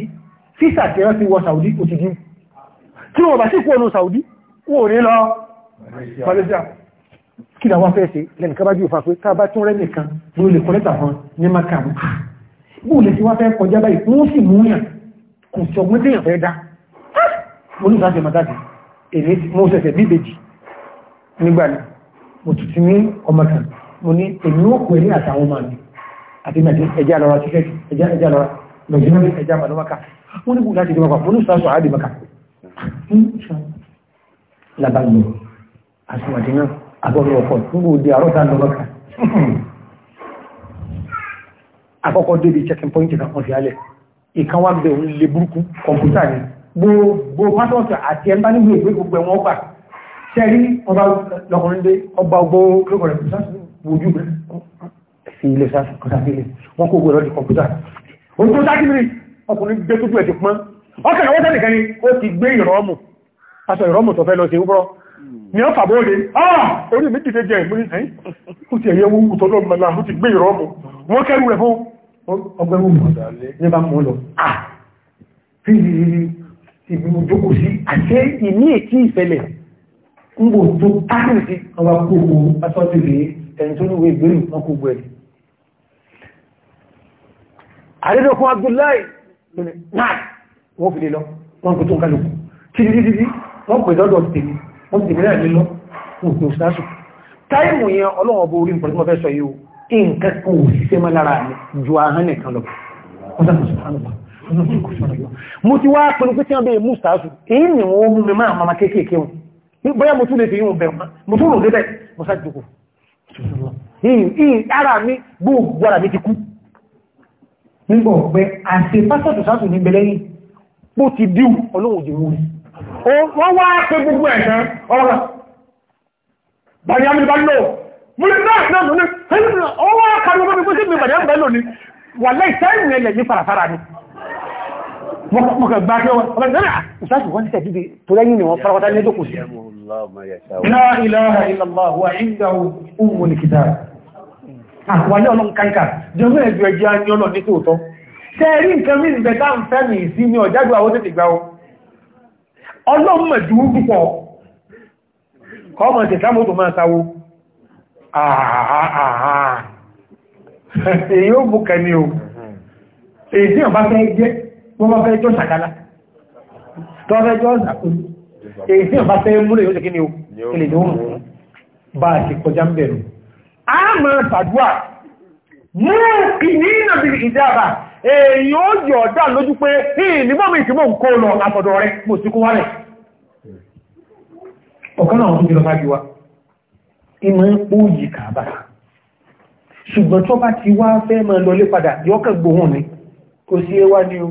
físà tẹ́rọ sí wọ Saudi kò ti dín tí wọ́n bá sí kú Saudi wọ́n ní lọ Malaysia kí ni àwọn fẹ́ ṣe lẹ́nu kábájú òfà pé kábá tún rẹ́ nìkan ló lè kọ́lẹ́tà kan ní maka bóòlù tí wọ́n fẹ́ kọjá báyìí wọ́n sì múyàn kò sọ̀gbọ́n tí èèyàn fẹ́ dá mo ní ìsáṣẹ́ mọ̀tàkì èrè mo ṣẹ̀ṣẹ̀ bí ìbejì nígbà ní mo tún ti ní ọmọ kan mo ní èmi ó kọ ẹ̀rí àtàwọn ọmọ mi àti nàìjí ẹjá lọ́ra tíkẹ́tì ẹjá ẹjá lọ́ra lọ́jọ́ ní ẹjá màdó maka mo ní kù láti dé akọ́kọ́ débi checking point kan kan fi alẹ̀ ìkan lè burúkú kọ̀ǹpútà ni gbogbo pátọ́ọ̀tọ̀ àti ẹmbá nígbè ìwé gbogbo ẹ̀wọ̀n ọgbà ṣẹ́rí ọba lọ́kùnrin dé ọba ọgbọ́ lókọ̀rẹ̀ ojú fi ilé sàkọsàfilé wọn kò gbọ́rọ̀ di kọ̀mpútà ojú sákìmìrì ọkùnrin gbé tútù ẹ̀ ti pọ́n ọkàn àwọn sẹ́nì kan ni ó ti gbé ìrọ́mù aṣọ ìrọ́mù tó fẹ́ lọ sí wúrọ́ ni ó fàbóde orí mi dìde jẹ ìmúrí sẹ́yìn ó ti ẹ̀yẹ wúwú tó lọ́mọ náà ó ti gbé ìrọ́mù wọ́n kẹ́rù rẹ̀ fún ọgbẹ́rù mọ̀ ní bá mú lọ ibi mo jókòó sí àṣẹ ìní èkí ìfẹ́lẹ̀ ń bò tó tákìrì sí ọba kókó asọ́jú rèé ẹni tó níwèé ìgbérù wọn kó gbẹ̀rẹ̀ àrídọ́kùn Abdullahi náà wọ́n fi lè lọ wọ́n kò tó ń kálùkù kí ní títí wọ́n pè lọ́dọ̀ tèmi wọ́n ti tèmi lẹ́lẹ́ lọ òkú òsìdáṣù táìmù mo ti wá pẹ̀lú pé tí wọ́n bẹ̀rẹ̀ mú sáàsù èyí ni wọ́n mú mi máa máa kéèkéèké wọn bóyá mo tún lè fi yíò bẹ̀rẹ̀ mo tún rò débẹ̀ mo sá jùkú ara mi gbogbo ara mi ti kú nígbà ọ̀pẹ́ àti pásọ̀tù sáàsù ní bẹ̀lẹ́yìn bó ti díù ọlọ́run jù wọ́n wọ́n ní ọwọ́ ni wà ni mọ́kà gbá kí wọ́n ọmọdé náà ìsáàtù wọ́n tẹ̀ dìde tó lẹ́yìn ni wọ́n farapata ní ẹjọ́ kò sí la ilaha illallah wa indahu ummul kitab ah, àwọlé ọlọ́n kankan jọmọ́ ẹ̀jọ ẹjẹ́ anyọ́lọ̀ ní tòótọ́ tẹ́ẹ̀rí nǹkan mí ìbẹ̀ tá ń fẹ́mì sí ní ọ̀jádù àwọn tètè gbá ọlọ́run máa sáwó ààrẹ èyí ó bùkẹ́ ni ó èyí tí fẹ́ jẹ́ wọ́n bá fẹ́ jọ́ ṣàkálá tó fẹ́ jọ́ ṣàkólú èyí tí ọba fẹ́ múlẹ̀ yóò ṣe kí ni o ilẹ̀ ni ó mú bá a ṣe kọjá ń bẹ̀rù a máa tàdúà mú ìní nàbí ìjábà èyí ó jọ dá lójú pé nígbà mi ìtìmọ̀ ń kó lọ àtọ̀dọ̀ rẹ mo sì kó wálẹ̀ ọ̀kan náà tó jùlọ fájú ìmọ̀ ń yìí kàbà ṣùgbọ́n tó bá ti wá fẹ́ máa lọlé padà yọ́kàn gbóhùn ni kò sí ẹwà ni o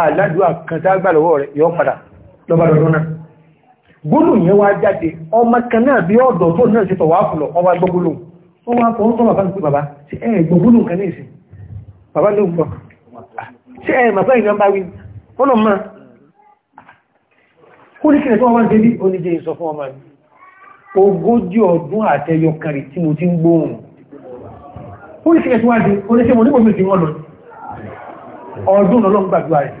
àládùá kan tá gbà lọ́wọ́ rẹ̀ yọ padà lọ́bà lọ́dọ́ náà gbólù yẹn wá jáde ọmọ kan náà bí ọ̀dọ̀ tó náà ṣe tọ̀wá fùlọ̀ ọwá gbọ́gbólù wọ́n wá fọ́ ń tọ́ bàbá ń pè bàbá ṣe ẹ̀ gbọ́gbólù kan ní ìsìn bàbá ló ń gbọ́ ṣe ẹ̀ bàbá ìyàn bá wí wọ́n lọ máa kó ní kílẹ̀ tó wọ́n wá ń débí oníjẹ ìsọ fún ọmọ mi ogójì ọdún àtẹyọ kan rẹ̀ tí mo ti ń gbóhùn kó ní kílẹ̀ tó wá dé oníṣẹ́ mo lọ ọdún ọlọ́gbàdúrà rẹ̀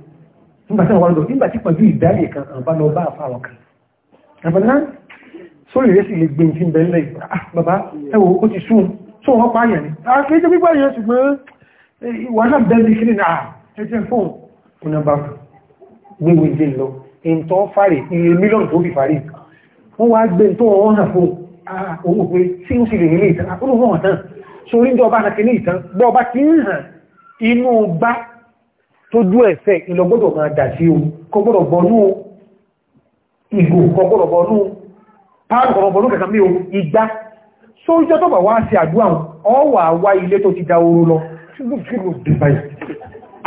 nígbàtí àwọn ọlọ́dọ̀ nígbàtí pẹ̀lú ìdáyè kan àbá lọ bá àfáwọn kan àbọ̀lá sórí rẹ̀ sì lè gbé ní bẹ̀lẹ̀ ah, bàbá ẹwọ ó ti sún tó wọ́n pààyàn ni àkéjọ ah, pípa yẹn ṣùgbọ́n ìwà náà bẹ́ẹ̀ ah, ní kíni náà ẹjẹ́ fóun ọ̀nà bá gbéwé jẹ lọ ìntọ́ fàrí iye mílíọ̀nù tó fi fàrí wọ́n wá gbé tó wọ́n hàn fún owó pé tí ó sì lè nílé ìtàn olùwọ̀n tán sórí ìjọba àkíní ìtàn bọ́ọ̀bá ti ń hàn inú bá tójú ẹ̀fẹ́ ìlọgbọ́dọ̀ máa dà sí o kọgbọ́dọ̀ bọnú ìgò kọgbọ́dọ̀ bọnú páàrùn kọgbọ́dọ̀ bọnú kẹta mí o igbá só ìjọ tó bà wá sí àdúrà ọwà wá ilé tó ti da oró lọ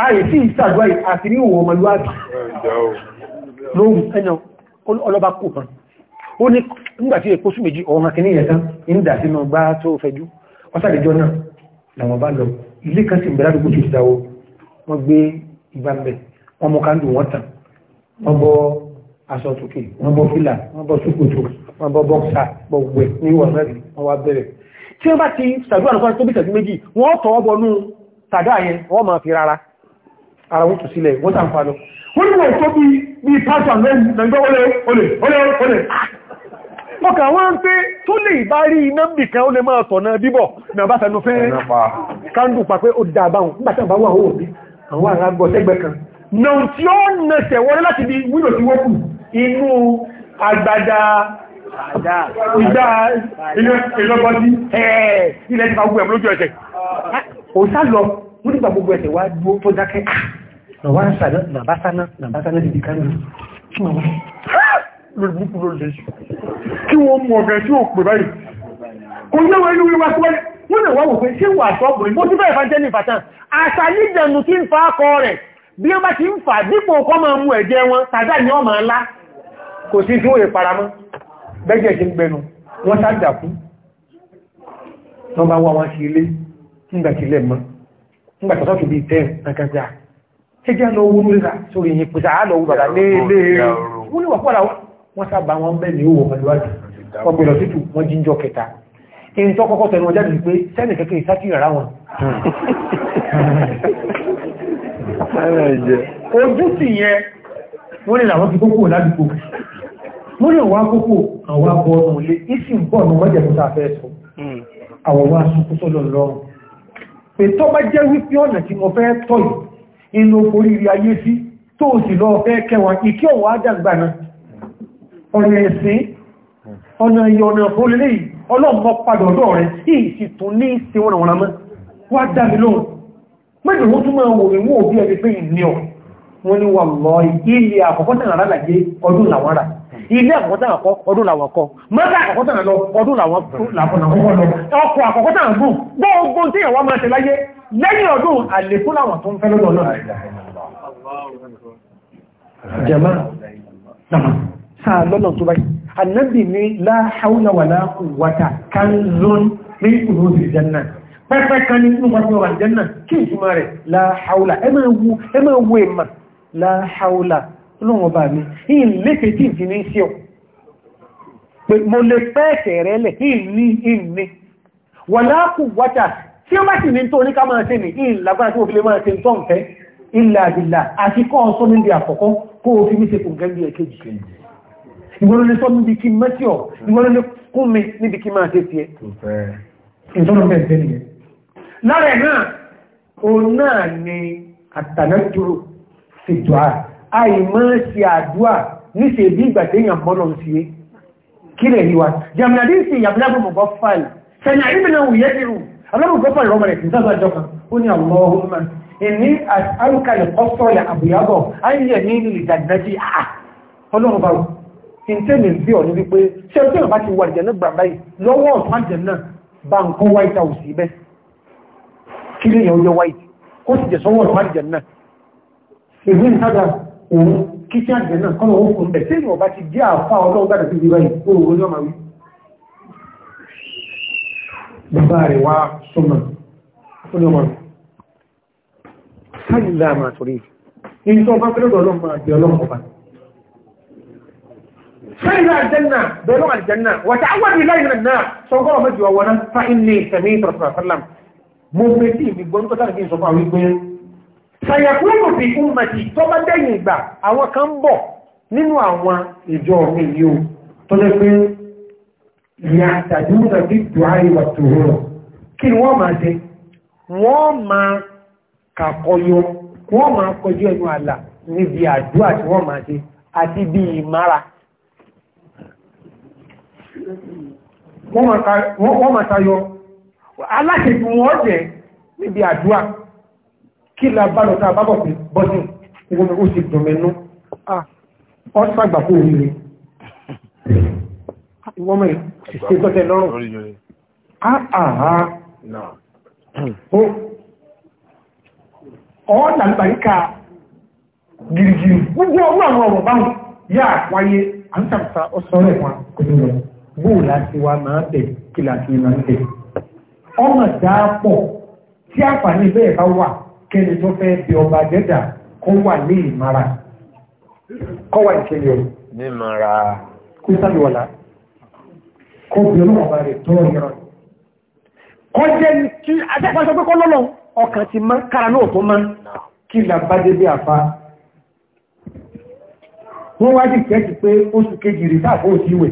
àìsí ìsàdúrà àti ní òwò ọmọlúwàbí lóhun ẹ̀nà ọlọ́bà kò kan ó ní nígbàtí èkó ìbámbẹ̀ wọ́n mú kándù wọ́n tàn wọ́n bọ́ aṣọ tòkè wọ́n bọ́ fìlà wọ́n bọ́ ṣòkòtò wọ́n bọ́ bọ́ksà gbogbo ẹ̀ ní ìwọ̀n mẹ́rin wọ́n wá bẹ̀rẹ̀ tí wọ́n bá ti ṣàdúrà nǹkan tó bí ṣàdú méjì wọ́n tọ́ bọnú tàdá yẹn wọ́n máa fi rárá ara wọn tò sílẹ̀ wọ́n tàn fàlọ́ wọ́n ní wọ́n tó bí bí pásà lẹ́gbẹ́ ọkà wọ́n ń pé tó lè bá rí iná nìkan ó lè máa tọ̀nà bíbọ̀ ní àbátanú fẹ́ kándù pàpẹ́ ó dáa báhùn nígbàtí àbáwọ̀ àwọn àwọn àrágbọ́ sẹ́gbẹ́ kan náà tí ó nẹ̀sẹ̀ wọlé láti bí wílò tí wọ́pù inú agbádá ìgbà ìlọ́gbọ́dí ilẹ̀ ti fa gbogbo ẹ̀mù lójú ẹsẹ̀ ah. ó sá lọ mú nígbà gbogbo ẹsẹ̀ wá dúó tó dákẹ́ nàwá ah. ń sàdá nàbásáná nàbásáná dìdì kánú ah! lórí búkú lórí lẹ́sù kí wọ́n mú ọ̀gẹ̀ tí ó pè báyìí kò yẹ́wọ̀ inú wíwá síwájú wọ́n lè wọ́n wò pé ṣé wà sọ́bùnrin bó tí bẹ́ẹ̀ fa jẹ́ ní ìfàtàn àṣà níjẹnu tí ń fa akọ rẹ̀ bí ó bá ti ń fà dípò kọ́ máa mú ẹ̀jẹ́ wọn tàdá ní ọmọ ńlá kò sí tí ó lè paramọ́ bẹ́jẹ̀ ṣe ń gbẹnu wọ́n sáàjà fún wọ́n bá wá wọn sí ilé ńgbàtílẹ̀ mọ́ ńgbàtọ̀sọ́ tó bí tẹ́ ẹ̀kẹ́gbà ẹjẹ́ lọ wọ́n in tó kọ́kọ́ tẹnu ọjá jù pé sẹ́nì kẹ́kẹ́ ìsákì rárá wọn ojú sì yẹ wọ́n ni làwọn fi kókò ládùkò wọ́n ni wọ́n kókò àwọn akọ ọmọ ilé ìsì ń bọ̀ ní wọ́jẹ̀ hmm. tó sáfẹ́ sọ àwọn wá sọkúsọ lọ́rùn pé tọ́ bá jẹ́ wípé ọ̀nà tí mo fẹ́ tọ́ yìí inú orí rí ayé sí tó sì lọ fẹ́ kẹwàá ìkí ọ̀wọ́ ájàgbà náà ọ̀nà ẹ̀sìn ọ̀nà ìyọ̀nà fólélé yìí ọlọ́mọ padọ̀dọ̀ rẹ̀ ìsì tún ní ìsì wọn àwọn ọmọ wá dámi lóhun mẹ́jọ wọ́n tún máa wò ní wọ́n bí ẹgbẹ́ ìní ọ̀ wọ́n ní wà lọ ilé àkọ́kọ́ tàn rà láyé ọdún làwọn rà ilé àkọ́kọ́ tàn kọ́ ọdún làwọn kọ́ mẹ́ta àkọ́kọ́ tàn lọ ọdún làwọn ọkọ̀ àkọ́kọ́ tàn gùn gbogbo tí ìyàwó máa ṣe láyé lẹ́yìn ọdún àlékún làwọn tó ń fẹ́ lọ́dọ̀ náà jẹ́mọ́ sáà lọ́nà tó báyìí annabi ni la haula wala quwwata kanzun min kunuzil janna pẹ́pẹ́ kan ní inú pàtàkì wà janna kí ìtumọ̀ rẹ̀ la haula ẹ máa wu ẹ máa wu èèmà la haula lóhun ọba mi yìí lékè tí ìdí ní sí ọ pé mo lè pẹ́ẹ̀kẹ̀ rẹ̀ lẹ̀ ìní ìní wala quwwata tí ó bá sì ní tó oníká máa ṣe ní ìlàgbára tí ó fi lè máa ṣe tó ń fẹ́ ìlà àdìlà àti kọ́ ọ̀sọ́ níbi àkọ́kọ́ kó o fi mí ṣe kò gẹ́gẹ́ ẹ̀kejì ìwọ́n lè sọ níbi kí mẹ́tí ọ̀ ìwọ́n lè kún mi níbi kí máa tẹ́tí ẹ lára ẹ̀ náà òun náà ni àtàlẹ́tòrò sí dùá àìmọ́ sí àdúà níṣẹ́ bí ìgbà téèyàn bọ́lọ̀ sí é kí lè yíwa jàmìnàdí sí ìyàbílábùmọ̀gọ́ fàìlì sẹ́ni àìbìnà wùyẹ́dìrù alábùmọ̀gọ́ fàìlì rọ́mọ̀rẹ̀ tí sábà jọ kan ó ní àwọ̀húnmá ìní àrùkàlẹ̀ kọ́sọ̀ọ̀lẹ̀ àbúyábọ̀ ayẹyẹ ní ìlú ìdàgbẹ́jì àà ọlọ́run báwọn ìtẹ́mì bí ọ̀ ní wípé ṣe tí ọ̀bá ti wà ìjẹ̀nà gbàgbà yìí lọ́wọ́ ọ̀tún àjẹ̀nà bá ń kó white house ibẹ̀ kí lè yàn ó jẹ́ white kó sì jẹ́ sọ́wọ́ ọ̀tún àjẹ̀nà ìwé ìtajà òun kí tí àjẹ̀nà kọ́nà ó fún bẹ̀ tí ọ̀bá ti jẹ́ àfá ọlọ́gbàdà sí ibẹ̀ yìí kúrò ní ọmọ wí bàbá rẹ̀ wá súnmọ̀ ó ní ọmọ rẹ̀ sáyìí láàmà torí ní ìtọ́ bá fẹ́lẹ́ فإلى الجنة بلغ الجنة وتعود بالله من النار سوقوا مجي وونا فإني سميت رسول الله صلى الله عليه وسلم مبتي بيقولوا تتعلم في سوقا ويقول سيكون في أمتي طبعا دين إبا أو كان بو nínú àwọn ìjọ mi yóò tó lé pé ìyá tàbíúta bí dùhárí wà tòhóró kí ni wọ́n máa ṣe wọ́n máa kàkọyọ wọ́n máa kọjú ẹnu àlà níbi àdúrà tí wọ́n máa ṣe àti bí ìmára wọ́n máa tayọ aláṣẹ́jú wọ́n jẹ́ níbi àdúrà kí la bá lọ́ta bábọ̀ pé bọ́dún ìwọ̀n ó sì dùn mẹ́nu ah, ọ́sàgbà kó ríire ah, ìwọ́n mẹ́rin ṣe tọ́tẹ̀ lọ́rùn àà ọ̀ọ́dà lùbàríkà gìrìgìrì gbogbo ọmọ àwọn ọ̀rọ̀ báwọn yà wáyé àǹtàmta ọ̀sọ́rẹ̀ wọn kò ní lọ́rùn bóò láti wá máa tẹ̀ kí láti máa tẹ̀. ọmọ dáàpọ̀ tí àǹfààní bẹ́ẹ̀ bá wà kẹ́ni tó fẹ́ bí ọba jẹ́dà kó wà ní ìmara kọ́ wà ìkẹyọ. mímara. kó sábì wọ̀lá kó bí ọlọ́ọ̀bá rẹ̀ tó yọrọ. kọjá ni kí adékọ́sọ pé kọ́ lọ́lọ́ ọkàn ti máa kára náà tó máa kí làbá dé bí àfa wọ́n wá dì kẹ́ẹ̀kì pé oṣù kejì rí sáà fóòsì ìwẹ̀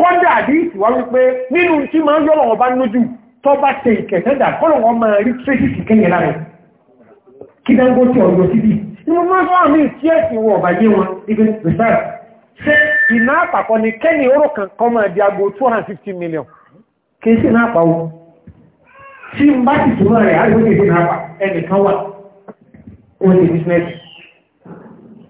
kọ́dà àdíìsì wá wípé nínú tí máa ń yọ́ lọ́wọ́ bá lójú tó bá tẹ ìkẹ̀ẹ́dà kọ́lọ̀wọ́ máa rí tréṣìsì kẹ́yẹ lára kí dángó tí ọ̀rọ̀ sí bí inú máa sọ́wọ́ mi tí ẹ̀sìn wọ ọ̀bàyé wọn ibi reserve ṣe iná àpapọ̀ ni kẹ́ni oró kan kọ́ máa di ago 250 million kì í sì náà pa o tí n bá sì túnmọ̀ rẹ̀ àríwé kì í náà pa ẹnìkan wà ó ní business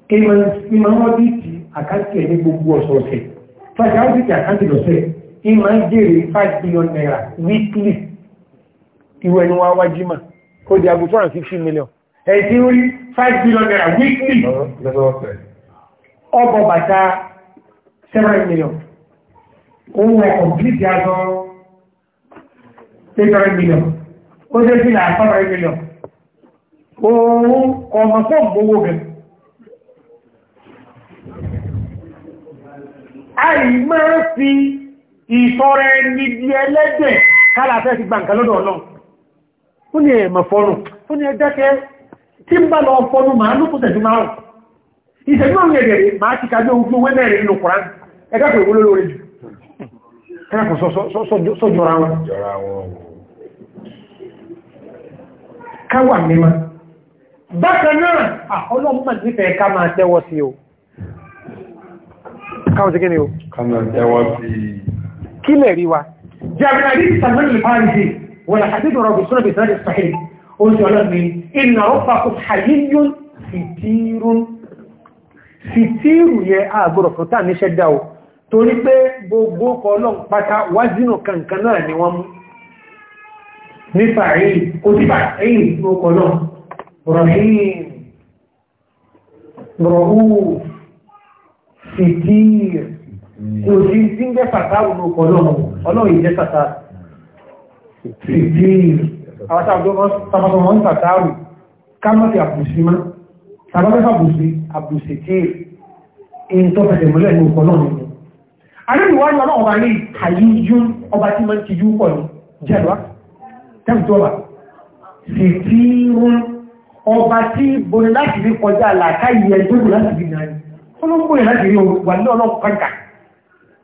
kí máa ń wọ́n bí ti gbogbo ọ̀sọ̀ọ̀sẹ̀ five hundred fifty àkáǹtì lọ́sẹ̀ ì máa ń jèrè five billion naira weekly irú ẹni wá wájú mà ó di agbó four and fifty million ẹ̀ tí ó rí five billion naira weekly ọgbọ̀ bàtà 7 million ohun ẹ̀ complete aṣọ eight hundred million ó dé sílẹ̀ five hundred million ohun ọmọ fọ́ọ̀mù owó gẹ̀ẹ́ àì máa fi ìtọrẹ ẹni di ẹlẹ́dẹ̀ kálàfẹ́ ti gba nǹkan lọ́dọ̀ ọlọ́run ó ní ẹ̀mọ̀ fọ́rùn ó ní ẹjẹ́kẹ́ tí ń bá lọ fọ́nù máa ló kún márùn máa ti káwọn sí kí ni o kí lè rí wa fìtírù yẹ àgbọ̀rọ̀ fún tàà níṣẹ́ dá o torí pé gbogbo ọkọ̀ ọlọ́run pátá wázínù kankan náà ni wọ́n mú nípa èyí kò tí bá èyí ọkọ̀ náà rọ̀hìn rọ̀hùn fìdíìr kò sí tí ń jẹ́ fàtà òun ọkọ̀ ọlọ́run ọlọ́run ìjẹ́ fàtà fìdíìr àwọn tàbátọ̀ wọn fàtà òun kámọ́tì àbùsí má tàbátọ̀ àbùsí àbùsí tí èyí tó fẹ̀sẹ̀ mọ́lẹ̀ ní ọkọ̀ ọlọ́run ni àríwájú ọlọ́run ọba ní àyíjú ọba tí máa ń tijú pọ̀ ní jẹ́lọ́wà tẹ́mùtọ́wà sì tí rún ọba tí olóńgbò yẹn láti rí o wà ní ọlọ́pàá kàkà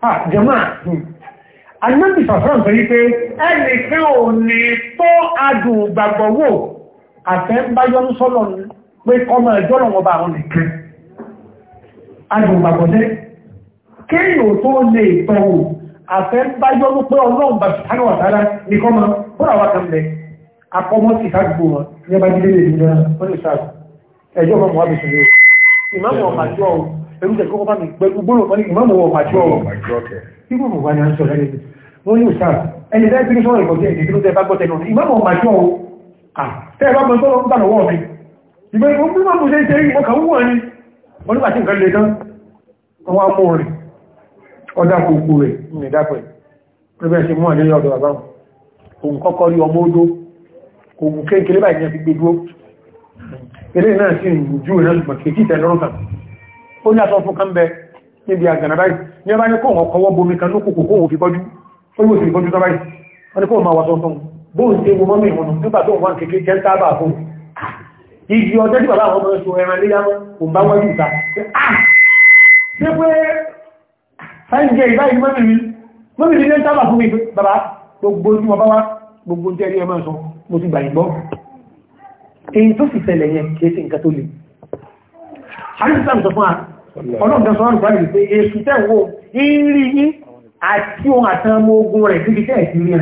à jẹ́mà anábì hmm. sàfrán sọ wípé ẹnìkan ò ní tó adùn gbàgbọ́ wò àfẹ́ ń bá yọ́nú sọ́lọ̀ pé ọmọ ẹjọ́ lọ́wọ́ bá àwọn nìkan adùn gbàgbọ́ jẹ́ kéèyàn tó lè tọ̀wò àfẹ́ ń bá yọ́nú pé ọlọ́run bá sùtánù ọ̀tàrà nìkan mọ́ fúnra wa kan lẹ̀ akọmọ́ sí ìfàgbò wọn ní ọba jílé lè ní ọjọ́ ìṣàkó ẹjọ́ ẹ̀rú jẹ́ kọ́kọ́ bá mi pẹ̀lú gbọ́rọ̀ pẹ̀lú ìmọ̀mù wọn pàṣọ ọ̀rọ̀ tí gbogbo wa ni a ń sọ lẹ́yìn wọ́n yóò sáà ẹni dá ìpínlẹ̀ sọ́rọ̀ ìkọ̀tí ẹ̀kì tó tẹ́ bá gbọ́ tẹnu ìmọ̀mù wọn pàṣọ ọ̀rọ̀ tẹ́ ẹ bá gbọ́ tọ́lọ́ ń bà lọ́wọ́ mi ìgbẹ́ ìgbẹ́ ìgbẹ́ ìgbẹ́ ìgbẹ́ ìgbẹ́ ìgbẹ́ ìgbẹ́ ìgbẹ́ ìgbẹ́ wọ́n mú rìn ọdá kòkó rẹ̀ ní ìdápẹ̀ pẹ̀lú ṣe mú àdéyà ọ̀dọ̀ àbáwọn ohun kọ́kọ́ rí ọmọ odó ohun kéèkéré báyìí ní ẹgbẹ̀gbẹ̀ dúó eré náà sí ìrìnjú ìrìnàjò kèkítẹ̀ lọ́rùn kan ó ní àtọ́ fún kánbẹ níbi àgbàna báyìí ní ọba ní kóhùn ọkọ̀wọ́ bomi kan lókùnkù kóhùn fi bọ́jú olúwò sí ìbọ́jú tọ́báyìí wọ́n ni kóhùn máa wàtọ́ tọ́hùn bóhùn tí ewu mọ́mí ìwọ̀n nígbà tó wọ́n kéèké jẹ́ sábà fún igi ọjọ́ tí bàbá àwọn ọmọ ẹ̀sùn ẹran lé yámọ́ kò bá wọ́n yìí ta ṣe ah! pé sáyẹ̀njẹ́ ìbáyìí mọ́mí mi mọ́mí mi ní sábà fún mi bàbá gbogbo tí wọ́n bá wá gbogbo tí ẹrí ẹmọ́ sọ èyí tó sì ṣẹlẹ̀ yẹn kìí ṣe nǹkan tó le àríṣà ń sọ fún wa ọlọ́gbẹ̀sọ́ àrùbáyé pé èsù tẹ́wọ́ ìrí yí àti ohun àtàn ogun rẹ̀ síbi tẹ́ ìsìrí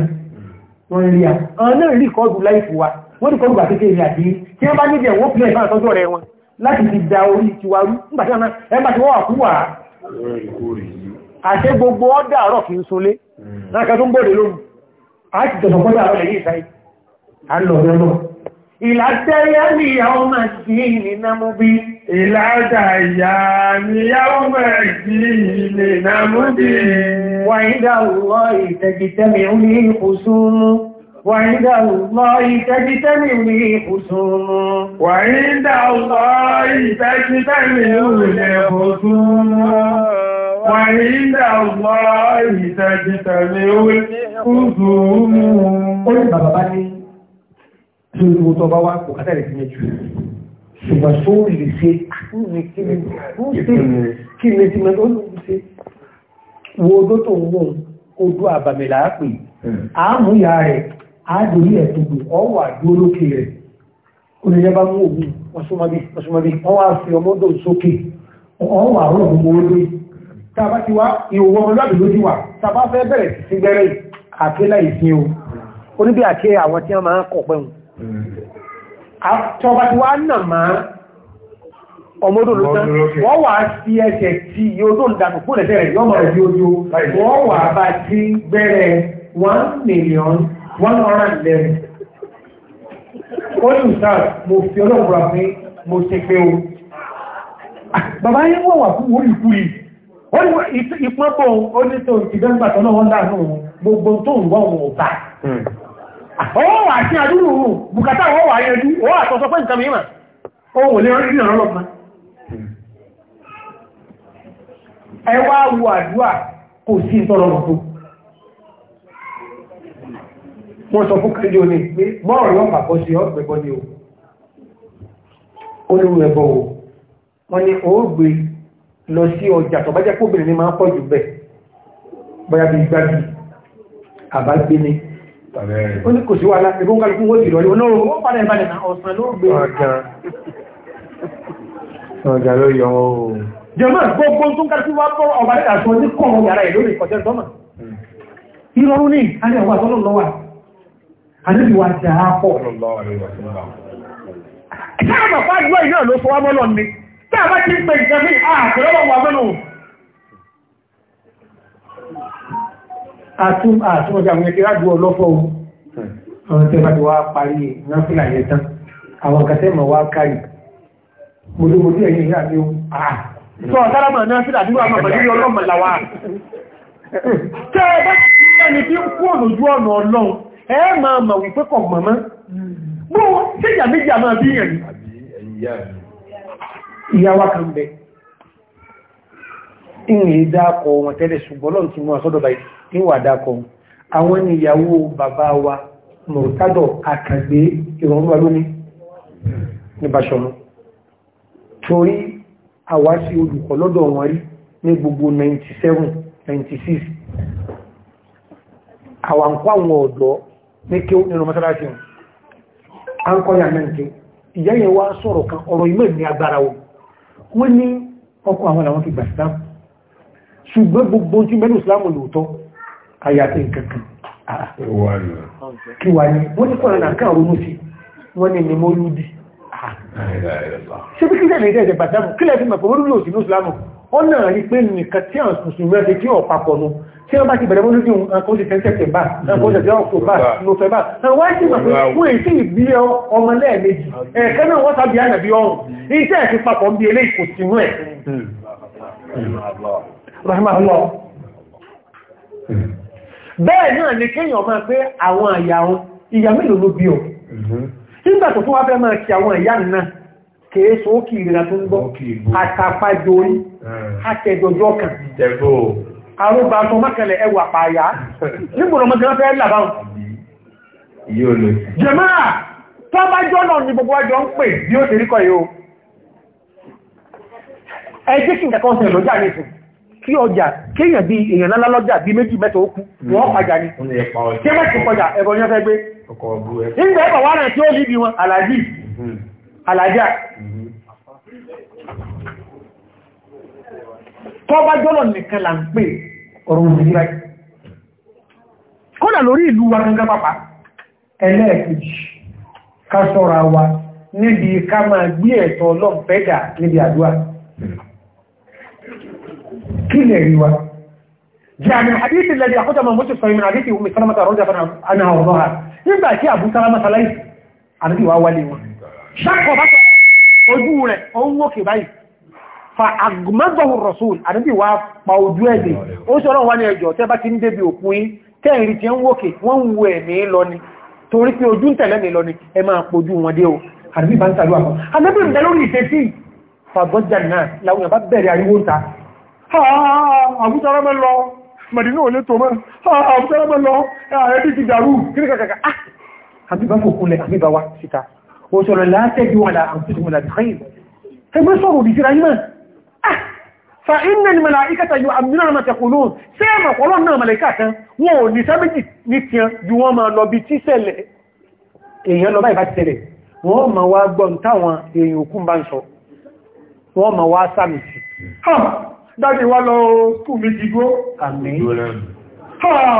rẹ̀ rí à ọ̀nà rí kọ́ọ̀dù láìfò wa wọ́n ní kọ́ọ̀dù àti kéèrè àti tí wọ́n bá níbi ẹ̀wọ́ pílẹ̀ ìbá àtọ́jọ́ rẹ̀ wọn láti fi da orí ti wa rú nígbàtí wọn ẹgbà tí wọ́n wà fún wà àṣẹ gbogbo ọ́dà àárọ̀ kì í solé náà kẹ́ tó ń gbòdè lóhùn á ti tẹ̀sán kọ́dà àárọ̀ lẹ́yìn ìsáyé à إلى الديان يوم الدين نمضي إلى ديان يوم الدين نمضي وعند الله تجتمع لي خصوم وعند الله تجتمع لي خصوم وعند الله تجتمع لي خصوم وعند الله تجتمع لي خصوم قل بابا tí ó tó bá wá kò kátàlẹ̀ sí méjì ṣùgbọ́n tó lè ṣe kí ní tí mẹ́tọ́ ló ń ṣe wo odó tó ń wọ́n odó àbàmìlà pè àmúyà rẹ̀ àádòrí ẹ̀ tó gbò ọ wà dúró lókè rẹ̀ olùyẹ́ bá mú òun ọ̀ṣọ́mọbí ọ̀ṣọ́mọbí wọ́n wá fi ọmọdọ̀ sókè wọ́n wà rọ̀ mú olóyè tàbá ti wá ìwọ̀n ọmọlúwàbí ló ti wà tàbá fẹ́ bẹ̀rẹ̀ sí gbẹ́rẹ́ àkélà ìsìn o oníbí àké àwọn tí wọ́n máa ń kọ̀ pẹ́hùn tọba tí wá nà máa ọmọdún ló tán wọ́n wà sí ẹsẹ̀ tí yóò tó ń dàpò fún ẹsẹ̀ rẹ̀ yọ́mọ̀ rẹ̀ yóò wọ́n wà bá ti bẹ̀rẹ̀ 1 million 111 kọ́lù sáà mo fi ọlọ́pùra pé mo ṣe pé o bàbá yẹn wọ́n wà fún orí ìkúrí ìpọ́pọ̀ onítọ̀ ìdẹ́gbàtọ̀ náà wọ́n dáa náà gbogbo tó ń wọ́n wọ́n ọwọ́ wà sí àdúrù Bukata, wọ́n wà yẹn dú wọ́n àtọ́sọ pé nǹkan mìíràn ohun olè rí ìrànlọ́ lọ́pàá ẹwà wo àdúà kò sí ìtọ́rọ lọ́pọ̀ wọ́n sọ fún kẹjọ ní pé mọ́rọ̀ lọ́pàá kọ́ sí ọgbẹ̀gbọ́ ni ó ní ẹbọ o wọ́n ní ó gbé lọ sí ọjà tó bá jẹ́ ó ní kò sí wà láti ẹgbọ́n kálukú wó ìrọ̀lẹ́ onóró ó padà ìbàdàn náà ọ̀sán ló gbé ọjà ló yọ ooo jẹmọ́ gbogbo tó ń kálukú wá bọ́ ọba dẹ́dà sọ ní kọ́ yàrá ẹ̀ lórí ìkọ̀tẹ́ dọ́mà hmm. ìrọ̀rún ní alẹ́ ọwà tó lọ́wọ́ wà àdébì wà jẹ́ àápọ̀ Táàbà fájúwà iná ló ni, táàbà ti ń pè ìjẹ́ fí àkẹ́lọ́wọ́ àtún àtúnwọ́jà àwọn ẹgbẹ́ rájú ọlọ́fọ́ ọ̀rọ̀ hmm. tẹ́ bá ti wá parí náfílà yẹn tán àwọn kàtẹ́ mọ̀ wá kárì mọ̀lúmọ̀lú ẹ̀yìn ìyá ni ó ah. sọ ọ̀táràmà náfílà nínú àwọn pẹ̀lú ọlọ́mọ làwà tẹ́ ẹ bá ti ẹni tí ń kú ònà ojú ọ̀nà ọlọ́run ẹ máa mọ̀ wípé kọ̀ mọ̀mọ́ bó ṣé ìyà méjì a máa bí yẹn ìyá wa kan bẹ ìrìn ìdá ọkọ̀ wọn tẹ́lẹ̀ ṣùgbọ́n lọ́n ti mú àsọ́dọ̀ báyìí níwàdákọ̀ àwọn ìyàwó bàbá wa mọ̀tádọ̀ àkàgbé ìrọ̀lúwà lónìí ní Bàṣọ̀run torí àwáṣí olùkọ́ lọ́dọ̀ wọn rí ní gbogbo 97 96 àwọn àǹkọ́ àwọn ọ̀dọ́ ní kí ó nínú mọ́sálásí wọn àǹkọ́yà mẹ́ǹkẹ́ ìyá yẹn wá sọ̀rọ̀ kan ọ̀rọ̀ ìmọ̀ ní agbára wọn wọ́n ní ọkọ̀ àwọn àwọn ti gbà sílámù ṣùgbọ́n gbogbo tí mẹ́lú sílámù lóòótọ́ ayàtí nkankan ah, ah. kí wà ní wọ́n ní kọ́nà náà káàrùn ún sí wọ́n ní ni mo rú dí ah. ṣe bí kílẹ̀ nìjẹ́ ìjẹba dámù kílẹ̀ fi mẹ́kọ̀ mọ́rún lòsì lóṣìlámù wọ́n náà rí pé nìkan tí àwọn sùsùn mẹ́rin tí ó papọ̀ nù tí wọ́n bá ti bẹ̀rẹ̀ mọ́rún díun nǹkan oṣù tẹ́ńtẹ́ bá nǹkan oṣù tẹ́ńtẹ́ ọ̀pọ̀ bá lófẹ́ bá wọ́n sì mọ̀ pé wọ́n èsì ìbí ọmọ lẹ́ẹ̀mejì ẹ̀ẹ̀kẹ́ náà wọ́n sábì ánàbí ọrùn iṣẹ́ ẹ̀ fi papọ̀ ń bí eléyìí kò sí mú ẹ̀ hmm. rahimahullah hmm. bẹ́ẹ̀ náà ni kéèyàn máa pé àwọn àyà wọn ìyà mélòó ló bí ọ mhm. nígbà tó wá fẹ́ máa kí àwọn ìyá nìna kèéso ó ìrìnà tó ń gbọ́ àtàpájò orí mhm. àtẹ̀dọ̀jọ́ kan àrúbà mọ́kànlẹ̀ ẹwà pààyà nígbòrò kí ọjà kéèyàn bí èèyàn lálá lọ́jà bí méjì mẹ́ta ó kú wọ́n pàjá ní kí mẹ́sì pọjà ẹ̀rọ yẹn fẹ́ gbé nígbà ẹ̀kọ̀ wà náà tí ó lè bí wọn àlàjì àlàjá mhm. tó jọ́lọ̀ nìkan là ń pè ọ̀rọ̀ òmìnira kọ́nà lórí ìlú wa gangan pápá ẹlẹ́ẹ̀kejì ká sọ́ra wa níbi ká máa gbé ẹ̀tọ́ ọlọ́m̀pẹ́dà kí lè rí wa jàmì àdíṣì lẹ́dí àkójọ mọ̀ mọ́sí sọ ìmìnà àdíṣì omi sálámà tààrọ jà fana ọ̀rọ̀ ha nígbà tí àbú sálámà sáláì àdíṣì wá wálé wọn ṣàkọ̀ bá ojú rẹ̀ ó ń wókè báyìí fa agmagbọ̀hùn rọ̀sùl àdíṣì wá pa ojú ẹ̀dẹ̀ ó sọ́rọ̀ wá ní ẹjọ́ tẹ́ bá ti ń débi òkú yín tẹ́ẹ̀rí tí ń wókè wọ́n ń wo ẹ̀mí lọ ìfẹ́ sí fàgọ́jà náà làwọn èèyàn bẹ̀rẹ̀ ariwo ń àbútọ́rọ́mọ́ lọ mẹ̀dínà olè tó mọ́ àbútọ́rọ́mọ́ lọ ààrẹ tí ti dàrú kírí kàkàkà ah! àbíbá fòkúnlẹ̀ àbíbá wá síta ó sọ̀rọ̀ látẹ́jú wà láàrín tó ti mọ̀ láti fẹ́yìn ẹgbẹ́ sọ̀rọ̀ òdì síra yíma ah! fa iná ni mẹ́la ikẹta yóò àmìnà ọmọ tẹ̀kùnú sí ẹmọ̀ pọ̀lọ́ náà mẹ́lẹ̀ká kan wọn ò ní sẹ́mẹ́jì ní tiẹ̀ ju wọn máa lọ bí tí ṣẹlẹ̀ èèyàn lọ báyìí bá ti ṣẹlẹ̀ wọ́n máa wá gbọ́n táwọn èèyàn òkú bá ń sọ wọ́n máa wá sáàmì sí dájí wá lọ skú mi jígbó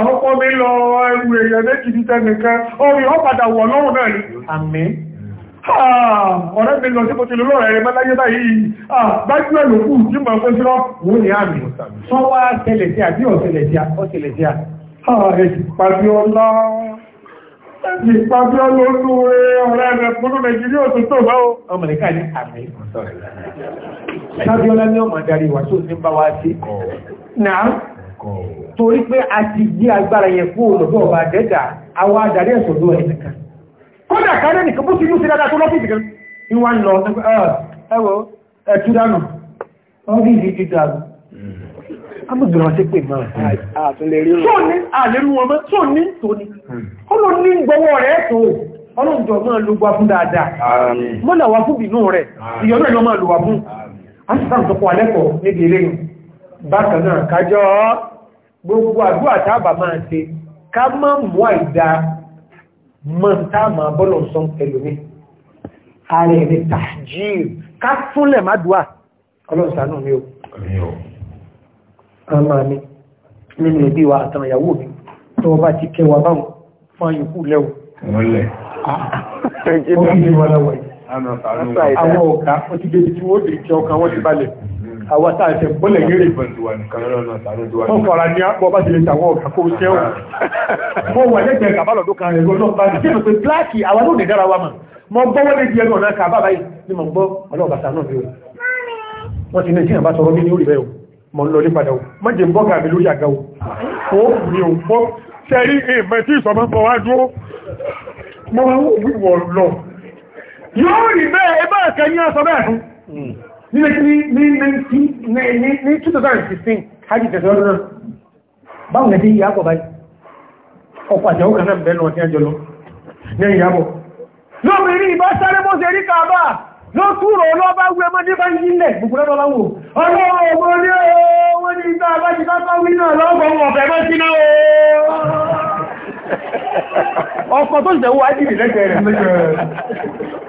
ọ̀pọ̀ mi lọ ẹrù èèyàn méjì ní tẹ́nìkan orí ọ padà wọ̀ lọ́rùn náà ni ọ̀rẹ́ mi lọ sí mo ti lọ lọ́rẹ̀ ẹ̀rẹ́ mẹ́láyé báyìí gbájú ẹ̀ lòkú tí mọ̀ pé sí wọ́n ní àmì sọ wá tẹ́lẹ̀ sí àbí ọ̀tẹ̀lẹ̀ sí ọ̀tẹ̀lẹ̀ sí à ẹ̀sì pàbí ọlá ẹ̀sì pàbí ọlọ́lú ọ̀rẹ́ rẹ̀ fún Nàìjíríà tó tó bá sábíọ́lá ní ọmọ adarí wà tó ní bá wá sí náà torí pé a ti gbé agbára yẹn fún olùgbọ́ ọba àdẹ́gà àwọn adarí ẹ̀sọ̀ ló ẹ̀ nìkan kódà kárẹ́ nìkan bó ti lú sí dáadáa tó lọ́fíìsì kan ní wá ń lọ ẹwọ ẹtú dànù ọ́fíìsì ti dànù hmm. amúgbìrán sí pè máa tóní àlérú wọn mọ́ tóní tóní hmm. ọlọ́ní gbọ́wọ́ fún dáadáa mọ́là wà fún bìnú rẹ̀ ìyọ́nà ìlọ́ máa lùgbà fún asìsàn tó kọ alẹ́kọ̀ọ́ níbi eléyìn bákan náà kájọ gbogbo àdúrà tábà máa ṣe ká má mú àìdá mọ́ táàmà bọ́lọ̀ sọ́n ẹlòmí ààrẹ ẹ̀rẹ̀ tàjíìr ká fúnlẹ̀ má dùá ọlọ́sànà mi ò àmà mi nínú ẹbí wa àtàrà ìyàwó mi tó bá ti kẹwàá báwọn fún àyíkú lẹ́wọ̀ àwọn ọ̀ká wọ́n ti débi tí wọ́n ti kí ọkàn wọ́n ti balẹ̀ àwọn àtàṣẹ bọ́lẹ̀ yẹ́rẹ̀ wọ́n fara ní àpọ̀ bá ti lè tàwọn ọ̀ká kó ṣẹ́ ọ̀ mọ́ wà lẹ́gbẹ̀ẹ́ kàbálọ̀dọ́ kan rẹ̀ lọ́dọ́ bá ti tẹ́lẹ̀ pé bláàkì àwọn olóòdè dára wa mà mọ́ gbọ́wọ́ lè di ẹnu ọ̀nà kàbá báyìí ni mọ̀ gbọ́ ọlọ́ọ̀bàtà náà fi wọ́n ti ní tí àbá sọ̀rọ̀ bí ní orí bẹ́ẹ̀ mọ̀ lọ ní padà o mọ́jẹ̀ ń bọ́ gàmì lórí àga o ó ní o fọ́ sẹ́rí èèmẹ̀ tí ìsọ̀mọ́ pọ̀ wá dúró mọ́ wọ́n wọ́n lọ yóò rí bẹ́ẹ̀ ẹbá ẹ̀kẹ́ ní ọ̀sọ̀ bẹ́ẹ̀ fún nílé hmm. tí ní 2016 hajji tẹ̀sẹ̀ ọdún náà báwọn ẹ̀dẹ́ ìyàbọ̀ báyìí ọkọ̀ àjẹ́wò kan náà bẹ́ẹ̀ lọ sí ẹjọ́ lọ ní ìyàbọ̀ lóbìnrin ìbá sáré mọ́ sí eríkà bá ló túrò lọ́bá wú ẹmọ́ ní bá ń yílẹ̀ gbogbo lọ́bá láwò ọwọ́ ọmọ ní ọwọ́ ní ìta àbájí kápá wí náà lọ́gbọ̀n ọ̀fẹ́ mọ́ sí náà ọkọ̀ tó ṣẹ̀wọ́ ájì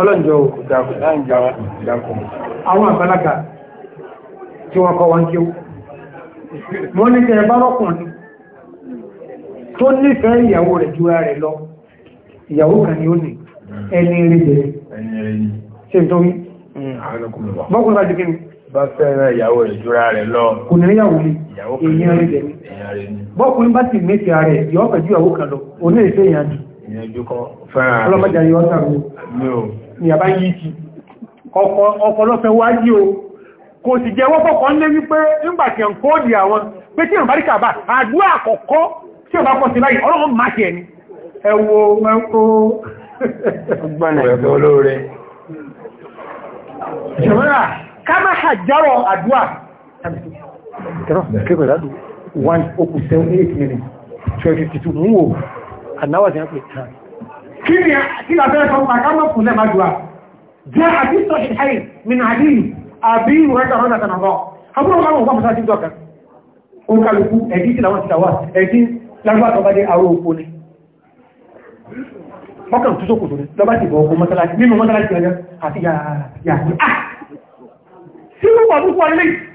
ọlọ́njọ́ òkùdàkùn àwọn àbálágà tí wọ́n kọ́ wọ́n kíw wọ́n ní kẹ́ bá rọ́kùnrin tó nífẹ̀ẹ́ ìyàwó rẹ̀ jù rẹ̀ lọ ìyàwó kan ni ó ní ẹni rí bẹ̀rẹ̀ ṣe tó rí hmm. bọ́kùnrin bá dìkín bá fẹ́rẹ̀ ìyàwó rẹ̀ jù rẹ̀ lọ kò ní ìyàwó ní èyàn rí bẹ̀rẹ̀ bọ́kùnrin bá ti mẹ́fẹ́ rẹ̀ yọ́ pẹ̀jú ìyàwó kan lọ onílẹ̀ ìyẹn ojú kọ́ fẹ́ràn ọlọ́mọdé ayé ọ́tà mi ni àbá yí ti ọkọ̀ lọ́fẹ́ o kò sì jẹ́ wọ́pọ̀kọ́ ń lé wípé nígbàtí ń kóòdì àwọn pé tí ìrìnbárí kàbà àdúrà àkọ́kọ́ tí ó bá pọ̀ sí láyé ọlọ́run máa kẹ́ ni ẹwọ mẹ́kó gbọ́nà olóore jẹ́mọ́ra ká má àjárọ̀ àdúrà tẹ́rọ kẹ́kọ̀ọ́ 1 okùn 7 8 àdáwà tí wọ́n pè tán. kí ni kí la fẹ́ sọ pa ká mọ̀ kúnlẹ̀ má jùlọ jẹ́ àbí sọ ìhàyè mìíràn àbí àbí ìwọ̀n ẹ̀ka ọ̀nà tànà bọ̀ àbúrò máa wọ̀ fọ́mùsá sí dọ́kà ó kálukú ẹ̀dí sí làwọn ti tàwà ẹ̀dí lárúbá tó bá dé àwọn òpó ni mọ́kàn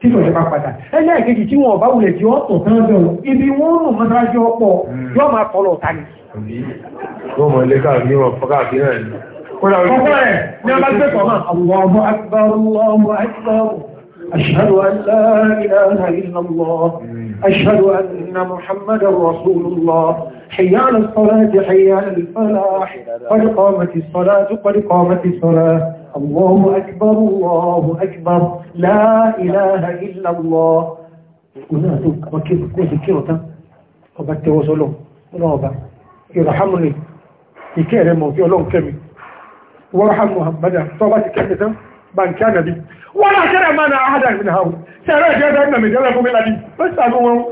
tí sọ̀rọ̀ máa padà ẹgbẹ́ ìkejì tí wọn ọ̀bá wulẹ̀ tí wọ́n tàn tán bẹ̀rù ibi wọ́n rùn mọ́sájú ọpọ̀ hmm. yọ́ máa kọlọ̀ ọ̀tá ni. wọ́n mọ̀ ilé káàkiri wọn fọ́ káàkiri náà ni. ọkọ rẹ̀ ní ọba gbé pọ̀ máa. Allahu akbar Allahu akbar ashhadu an la ilaha illallah hmm. ashhadu anna muhammadan rasulullah hayya ala salati hayya ala falah qad qamati salatu qad qamati salah الله أكبر الله أكبر لا إله إلا الله كناتو وكيف كنت كيرتا وبت وصلوا رابع يرحمني يكرم وفي الله كمي وارحم محمدا صلاة كمي بان كان بي ولا ترى ما أنا أحدا من هؤلاء ترى جادا إن من جلكم إلى دي بس أقول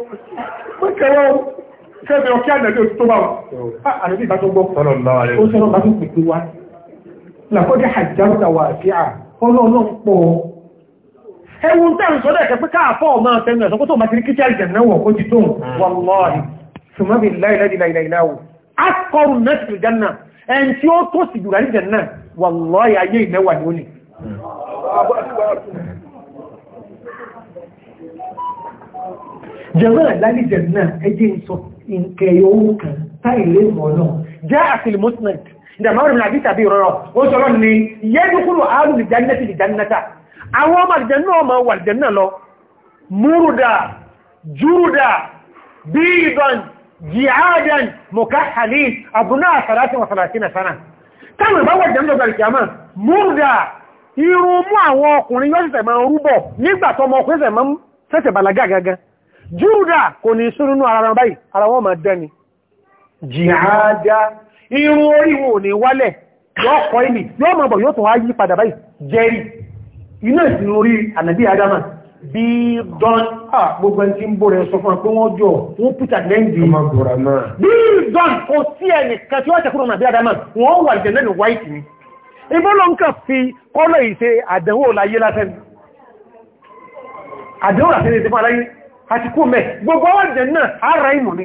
بكروا كيف يوكيانا دي أتبعوا أنا دي باتوا بو صلى الله عليه وسلم باتوا بكروا làkọ́jẹ́ àjáwọ̀ta wà sí à ọlọ́ọ̀lọ́n pọ̀ ẹwùn tẹ́ ń sọ́dẹ̀ kẹfẹ́ káàfọ́ ọmọ ọ̀sẹ̀mù ẹ̀sọ́ kó tó máa ti rí kíkẹ́ àjẹ̀mẹ́wọ̀ ó ti tó wọ́nlọ́ọ̀rì ṣùgbọ́n láìláìláìláìláwò akọrù nẹ́sìlì jẹ́nà ẹn tí ó tó sì jùlọ jẹ́nà wọ́nlọ́ọ̀rì ayé ìmẹ́wà ni ó ní jẹ́mọ́ láìláì jẹ́nà ẹjẹ́ ìsọ ìkẹyọ ìdàmọ́rù ní àbí tàbí ìrọ̀rọ̀ ó sọ́lọ́ ni yẹ́dùkúrò ààrùn ìjánẹ́tì ìjánẹ́ta àwọn ọmọ àjẹ́nà ọmọ wà jẹ́nà lọ múrùdà júrùdà bíìdàn jihadan mukahali abúná àsàrátí wàsàrátí na sana táwọn ìbá wà jẹ́nà lọ́gbàrí kìámà múrùdà irun mú àwọn ọkùnrin yóò sẹ̀sẹ̀ máa rúbọ̀ nígbà tó ọmọ ọkùnrin sẹ̀mọ́ sẹ̀sẹ̀ bàlágà gangan júrùdà kò ní sínú irun orí wọn ò ní wálẹ̀ yóò kọ́ ìní yóò mọ̀ bọ̀ yóò tún wá yí padà báyìí jẹ́rì iná ìsìn orí ànàbí adama bí dán à gbogbo ẹni tí ń bó rẹ̀ sọ fún pé wọ́n jọ wọ́n pútà lẹ́ndì bí dán kò sí ẹnìkan tí wọ́n tẹ̀kúrò ànàbí adama wọ́n wà jẹ́ lẹ́nu wáìtì ni ìbọ́lọ̀ ń kà fi kọ́lọ̀ ìṣe àdẹ̀wò láyé látẹ́ni àdẹ̀wò látẹ́ni ti fún aláyé àti kú mẹ́ gbogbo ọwọ́ jẹ́ náà ara ìmọ̀ ni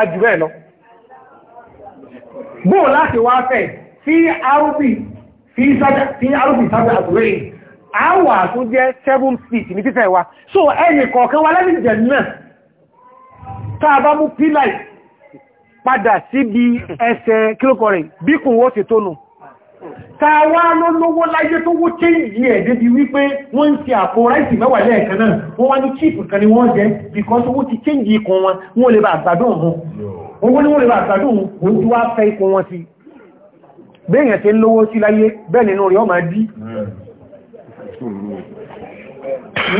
ajù bẹ́ẹ̀ lọ bóò láti wá fẹ́ fi arúbì sábẹ́ àtúrẹ́yìn àwà tó jẹ́ 7 feet ní fífẹ́ wa so ẹni kọ̀ọ̀kan wá lẹ́bí jẹ̀ náà táa bá mú pílà padà síbi ẹsẹ̀ kílòkọ̀rẹ̀ bíkùn ó ti tónù káwá ló lówó láyé tó wó chéǹjì ẹ̀ débi wípé wọ́n ń ti àpò ráìsì mẹ́wàá lẹ́ẹ̀kan náà wọ́n wá ní chíìpù kan ni wọ́n jẹ́ because owó ti chéǹjì ikùn wọn wọ́n lè bá àgbàdùn ọ̀hún owó ni wọ́n lè bá àgbàdùn ọ̀hún tí wá fẹ́ ikùn wọn sí béèyàn ti ń lówó sí láyé bẹ́ẹ̀ nínú rẹ̀ ọmọ dí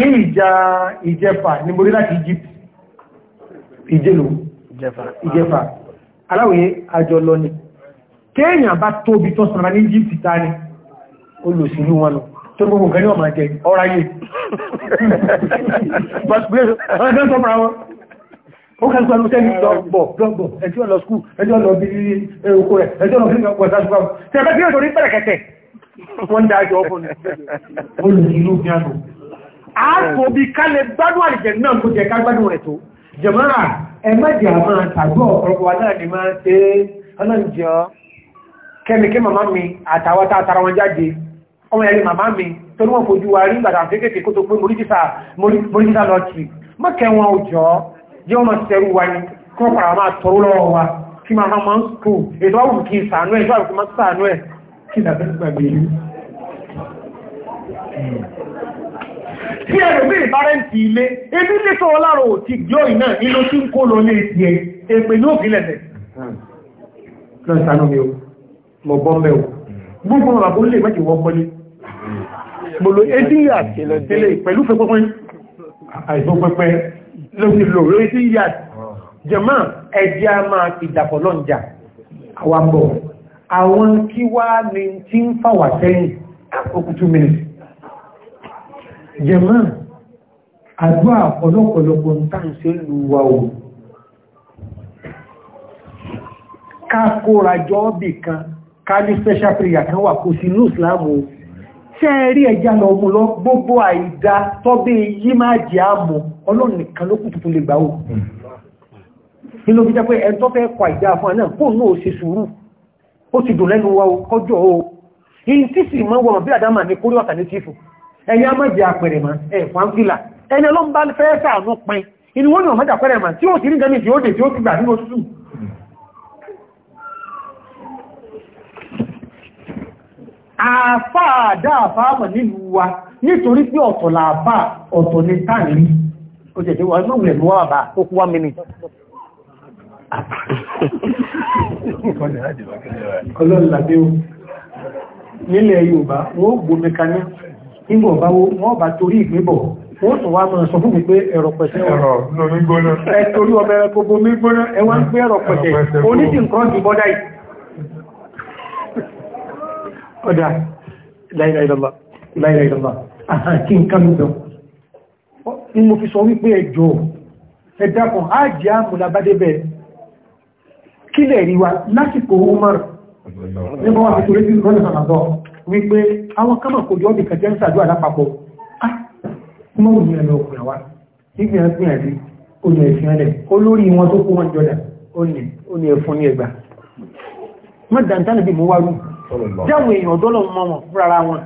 ní ìjà ìjẹfà ní borí láti Egypt ìjẹlò ìjẹfà aláwòye àjọ lọ kéèyàn bá tóbi tó sànà ní Egypt ta ni olùsìlú wọn lọ tó gbogbo nǹkan ní ọmọ jẹ ọ́ráyé ó kẹ́ sọ́nà tẹ́lì lọ́gbọ̀ lọ́gbọ̀ ẹjọ́ lọ skú ẹjọ́ lọ bí ẹ̀rùkú rẹ̀ ẹjọ́ lọ bí ẹ̀kọ́ ìsásùgbà tẹ́ẹ̀bẹ́ tí ó torí pẹ̀rẹ̀kẹ́tẹ̀ wọ́n dájọ́ ọkùn ní olùsìlú bí i a kẹ́mìkí màmá mi àtàwọ́ta àtàrà wọn jáde ọmọ ẹ̀rí màmá mi tó ní wọ́n fojú wa rí ìgbàdà kéèkéé kó tó pé moríjísà lọ́tì mọ́kẹ́ wọn ò jẹ́ wọ́n sẹ́rù wa ní kí wọ́n pàrà máa tọrọ lọ́wọ́ wa kí máa hàn máa ń kú ètò àwùn kí sàánú ẹ̀ ìjọ́ àwùkú máa sàánú ẹ̀ kí ìdàbẹ́ mọ̀bọ́mẹ́ o gbogbo ọ̀rọ̀ àbúrú lè mẹ́jì wọ́n pọ́lé mọ̀lò adr tẹ́lẹ̀ pẹ̀lú pẹ́pẹ́pẹ́ àìsàn pẹ́pẹ́ lórí lòrò adr jẹ́mọ́ ẹjẹ́ a máa ti dàpọ̀ lọ́njà àwàbọ̀ àwọn kí wá ní tí ń fàwà sẹ́yìn àkókùtù mẹ́rin jẹ́mọ́ àdúrà ọ̀pọ̀lọpọ̀lọpọ̀ ń tàn sí lù wa o ká kóra jọ́ bì kan káàdì special prayer kan wà kò sí ní ìsìláàmù ṣe rí ẹja lọ mú lọ gbogbo àìdá tọ́bẹ̀ yí máa jẹ́ àmọ́ ọlọ́run nìkan ló kù tuntun lè gbà ó nínú fi jẹ́ pé ẹ̀ tọ́fẹ́ kọ àìdá fún àná kó náà ṣe sùúrù ó ti dùn lẹ́nu wa ó kọjọ́ ó in tí sì mọ́ wọ́n bí àdámà ní kórí ọ̀tà ní tífù ẹ̀yà má jẹ́ àpẹẹrẹ ma ẹ̀fà ń ẹni ọlọ́mbà fẹ́ sàánú pin inú wọ́n ni ọmọdé àpẹẹrẹ ma tí ó sì rí gẹ́mì tí ó dè tí ó ti gbà nínú òtútù àfáàdá àfáàmà nílùú wa nítorí pí ọ̀tọ̀ làbá ọ̀tọ̀ ní táàrí ó jẹ́ ìwọ̀n inú rẹ̀ lọ́wọ́ àbá ó kú one nílẹ̀ Yorùbá wọ́n gbómi ọba wọ́n bá torí ìgbébọ̀ wọ́n tó wá mọ́ sọ fún mi pé ẹ̀rọ pẹ̀sẹ̀ ẹ̀rọ ọmọ ẹ̀rọ pẹ̀sẹ̀ onídìí nǹkan jù bọ́dá yìí ọ̀dà láìláìlọ́lá láìláìlọ́lá àti nǹkan mìíràn ni mo fi sọ wípé ẹjọ́ ẹ̀dàkùn ájẹ́ àmúlábádébẹ̀ kílẹ̀ ríwa lásìkò Umar nígbà wà fìtò rétí ìrọ́lẹ̀ sàmàbọ̀ wípé àwọn kámà kò jọ́ nìkan jẹ́ ń sàdó àlápapọ̀ mọ́ òní ẹ̀lọ́ jáwọn èèyàn ọ̀dọ́lọ̀ mọ́ wọn fúrara wọn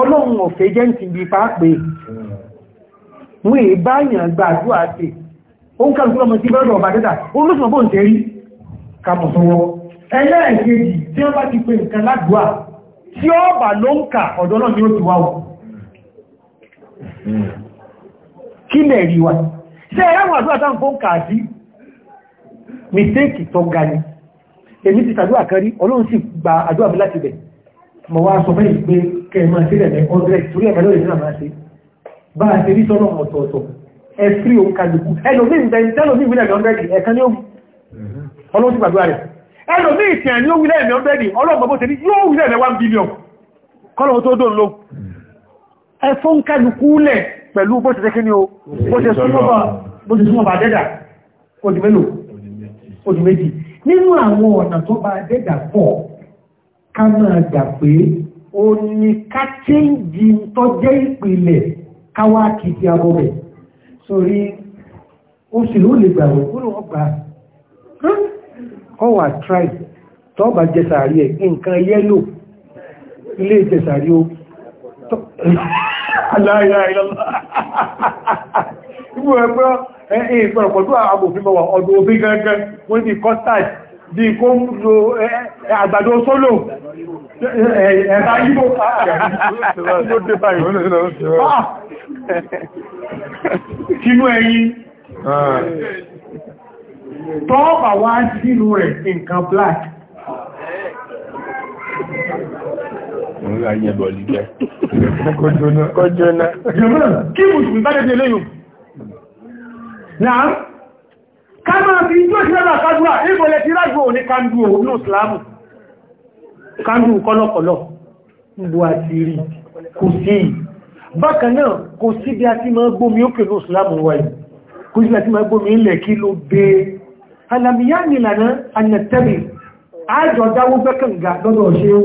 ọlọ́run ọ̀fẹ́ jẹ́ ti bí pápẹ́ hmm. wọ́n èé báyàn gba àdúrà sí ó ń kàrùkú lọ́mọ sí bẹ́rẹ̀ ọ̀bá dẹ́dà olóṣùmọ̀ bó ń tẹ́rí kàmọ̀ sọwọ́ ẹlẹ́ẹ̀kejì tí wọ́n bá ti pè nǹkan ládùúà tí ó bà ló ń kà ọ̀dọ́ náà ni ó ti wá wọ̀ hmm. kí lẹ̀ èmi ti tàdúwà kan rí ọlọ́run sì gba àdúwà mi láti bẹ̀ mọ̀ wá sọ fẹ́ ìpé kẹmà sílẹ̀ ní ọdún rẹ̀ torí ẹ̀mẹ́lẹ́ òyìnbó máa ṣe bá a ṣe rí sọ́nà ọ̀tọ̀ọ̀tọ̀ ẹ fírí òun kàlùkù ẹlòmíì ń bẹ ẹlòmíì wílẹ̀ ní ọ̀dẹ́dì ẹ̀kan ní ó ọlọ́run sì gbàdúrà rẹ̀ ẹlòmíì tìyàn ní ó wílẹ̀ ní ọ̀dẹ́dì ọlọ́run bó ṣe ní yóò wílẹ̀ ní one billion kọ́lọ̀ tó dùn lọ ẹ fún kàlùkù lẹ̀ pẹ̀lú bó ṣe ṣe kí ni o bó ṣe súnmọ́ bá dẹ́dà ó di mélòó ó di méjì nínú àwọn ọ̀nà tó bá dẹ́gbà pọ̀ ká máa gbà pé o ní ká chéńjì tó jẹ́ ìpìlẹ̀ káwá kìkì abọ́bẹ̀ sórí oṣù ló lè gbà wọ́n kúrò ọgbà ọwà try tó bá jẹsàárì ẹ̀ nǹkan yẹ́lò ilé ó gbogbo ẹgbẹ́ ẹ̀yìn ìpẹ̀rọ̀pọ̀ tó àgbòfin mọ̀wà ọdún òfin gẹ́gẹ́ wọ́n ní custard bí kó ń lo àgbàdo sólò ẹ̀bá yíbò kínú ẹ̀yìn tọ́ọ̀pà wá sínú rẹ̀ nǹkan black Òun láyé bọ̀ lìjẹ́. Kọjọ́nà. Kọjọ́nà. Jẹ́mọ́, kí mùsùlùmí bá lẹ́jẹ́ lẹ́yìn? náà ká máa fi tó ìṣẹ́lá kádùá ìbòlẹ̀ tí rágbò ní kándù òun ní ìsìlámù kándù kọ́lọ̀kọ́lọ̀ bú àti rí kò sí bákan náà kò sí bí a ti máa gbómi ókè ní ìsìlámù wáyé kò sí bí a ti máa gbómi ilẹ̀ kí ló dé alàmìyá nìlànà anẹ̀tẹ́bì àjọ dáwó bẹ́kànga lọ́dọ̀ ṣe ó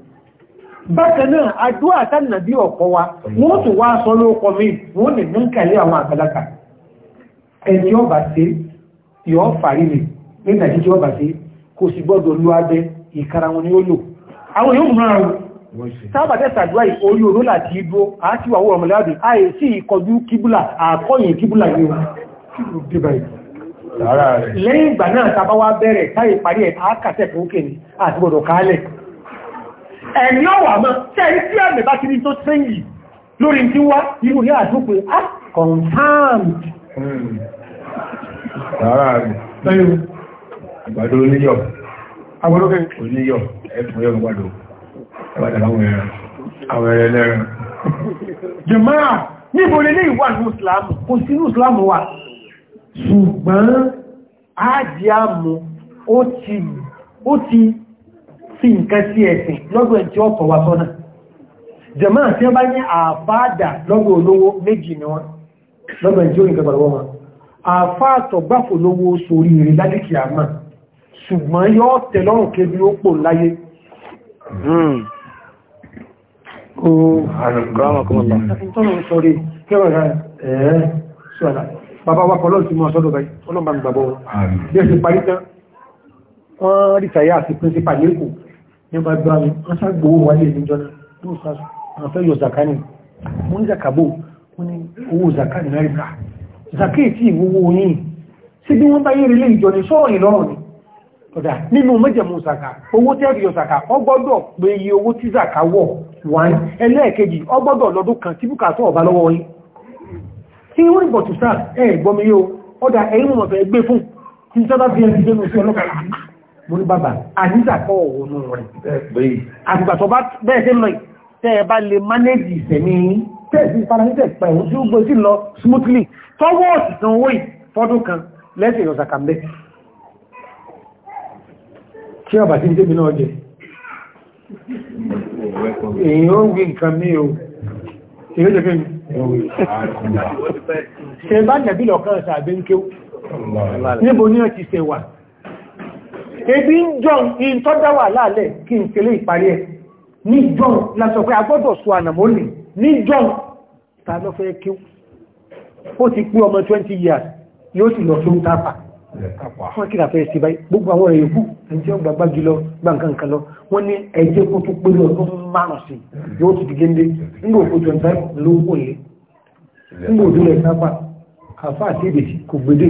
bákanáà àdúwà a ọ̀pọ̀ wa wọ́n tó wá sọ lóòkọ́ mi wọ́n lè ní àwọn àgbàlagbà ẹni ọba sí yọ fàrí mi ní nàìjíríà ọba sí kò sì gbọ́dọ̀ lú abẹ ìkara wọn ni ó lò àwọn yóò múra wọn sábàtẹ́ sàdúrà orí oró láti igbó àátíwàwó a ààyè sí ìkọjú kíbùlà àkọ́yìn kíbùlà o. lẹ́yìn ìgbà náà tàbá wá bẹ̀rẹ̀ táyì parí ẹ̀ òkè àti ẹ̀mí ọ̀wà mọ́ tẹ́rí tí ẹ̀mẹ̀ bá kiri tó tẹ́ yìí lórí tí wá irú ní àdúgbò á ah, confirmed ara rẹ̀ ìgbàdó oníyọ̀ agbọ́dókè oníyọ̀ ẹ̀fún yọ̀ gbàdó ẹgbàdà àwọn ẹ̀rẹ̀ àwọn ẹ̀rẹ̀ lẹ́rẹ̀ jùmáà níbo lè ní ìwà ní ìsìlámù kò sí ní ìsìlámù wà ṣùgbọ́n ájíàmù ó ti sí nǹkan sí ẹ̀sìn lọ́dọ̀ ẹ̀ tí ó tọ̀ wá sọ́nà jẹ̀mọ́ tí wọ́n bá ní àfáàdà lọ́dọ̀ olówó méjì ni wọ́n lọ́dọ̀ ẹ̀ tí ó nǹkan gbàgbọ́ wọn àfáàtọ̀ gbáfò lówó sórí rẹ̀ lálẹ́kì àmà ṣùgbọ́n yóò tẹ̀ lọ́rùn kébí ó pò láyé hmm. Bàbá wa kọlọ́ ti mọ́ ọ̀sọ́dọ̀ báyìí, ọlọ́mbà ń gbàbọ̀ wọn. Bí ẹ ti parí tán, wọ́n rí sàyà àti pínsípà ní Èkó nípa gbá mi wọ́n sáàgbówó wálé ìjọ náà wọ́n fẹ́ yọ zakani wọ́n ní zakabo wọ́n ní owó zakani náírà zakéètì ìwówó yìí sí bí wọ́n bá ni ọ̀dá nínú mẹ́jẹ̀mú zaka owó tẹ́ rí ọ̀sàkà ọgbọ́dọ̀ pé iye owó tí zaka wọ̀ wáyé ẹlẹ́ẹ̀kejì ọgbọ́dọ̀ lọ́dún kan tí bùkátọ̀ ọ̀bá lọ́wọ́ yìí tí wọ́n ìbọ̀ tó sáà ẹ̀ gbọ́mi yóò ọ̀dá ẹ̀yìn mọ̀ fẹ́ gbé fún tí sọ́dá fi ẹni dénú sí ọlọ́kàlá mo ní bàbá àníjàkọ́ òwònú rẹ̀ àgbàtọ̀ bá bẹ́ẹ̀ sí lọ tẹ́ ẹ bá lè mánéjì ìsẹ̀mí tẹ́ẹ̀sì ìfaranítẹ̀ pẹ̀lú tí ó gbé sí lọ smoothly tọ́wọ́ ọ̀sìsàn owó ìfọ́dún kan lẹ́sẹ̀ ìrọ̀sàkàmbẹ́ kí ọba tí ń tẹ́mi náà jẹ èyí ó ń gbé nǹkan mí o ṣe ló fi ṣe bá nẹ̀bí lọ̀kan ṣàgbé ń kéw níbo ní ọ̀tí ṣẹ̀wà ebi ń jọun in tó dáwà láàlẹ̀ kí n kèlé ìparí ẹ̀ ní jọun lásọ pé agbọ́dọ̀ sọ ànàmọ́lì ní jọun ta lọ fẹ́ kí ó ti pé ọmọ 20 years yóò sì lọ sóhun tápà wọ́n kí làfẹ́ sí báyìí gbogbo àwọn ẹ̀yẹ̀ kú ẹni tí ó gbàgbá jùlọ gbàǹkankan lọ wọ́n ní ẹjẹ́ kó tó pé lọ́dún márùn sí yóò ti di géńdé nígbà òkú 25 ló wò lé nígbà òdúlẹ̀ sápà àfáà sí èdè kò gbédè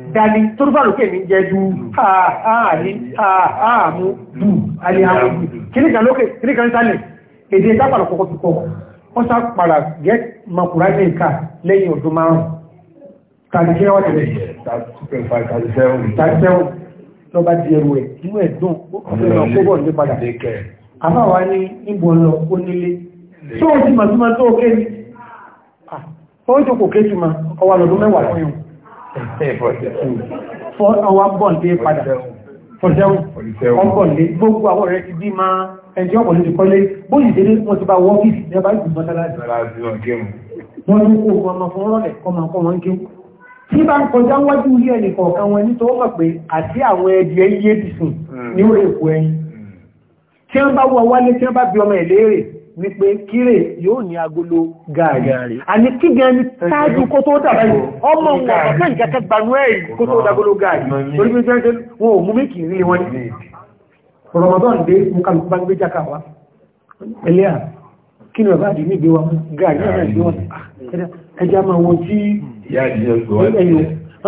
dání tó rúfà lókè mi jẹ́ ju ààrí ààmú bù alihamu bù kíníkà lókè kíníkà nítàlẹ̀ èdè ìtàpàlọ̀ kọ́kọ́ fi kọ́ wọ́n sá pàrà gẹ́ makùrá ní ìka lẹ́yìn ọdún márùn-ún tàbí kí wọ́n tẹ̀lé tàbí lọ́ba di ẹrù ẹ̀ inú ẹ̀ dùn ó kó bọ̀ ní padà àbáwá ní ìbò ọ̀nà ó nílé tó o ti màtúmá tó o kéjì ó ń tó kò kéjì ma ọwà lọ́dún mẹ́wàá fún yìí Ọwọ́ bọ̀ǹdé padà. Fọ̀ṣẹ́wọ̀n. Ọgbọ̀ǹdé gbogbo àwọn rẹ̀ ti bí máa ẹni ọ̀pọ̀ ló ti kọ́lé. Bóyì délé wọ́n ti bá wọ́fíìsì ní ọba ìgbìmọ̀ tálàjì. Wọ́n ní kó ọmọ fún rọ̀lẹ̀ kọ́ máa kọ́ wọn kí ó. Tí bá ń kọjá wájú ilé ẹnì kọ̀ọ̀kan wọn ní tó mọ̀ pé àti àwọn ẹbí ẹyí yé bìsùn ní hmm. orí èkó ẹyin. Tí wọ́n bá wọ wálé tí wọ́n bá bí ọmọ ẹ̀ léèrè wípé kírè yóò ní agolo gààrí àní kígan ní tájú kó tó dàbí ọmọ wọn ọ̀pẹ́ ìkẹ́kẹ́ gbanú ẹ̀ kó tó dàgolo gààrí torí pé jẹ́ wọn ò mú mí kìí rí wọn ní Ramadan dé mú kàlùkù bá ń gbé jáka wa ẹlẹ́à kí ni bàbá àdì ní ìgbéwà gààrí náà ìgbé wọn ẹjá máa wọn tí ẹ̀yìn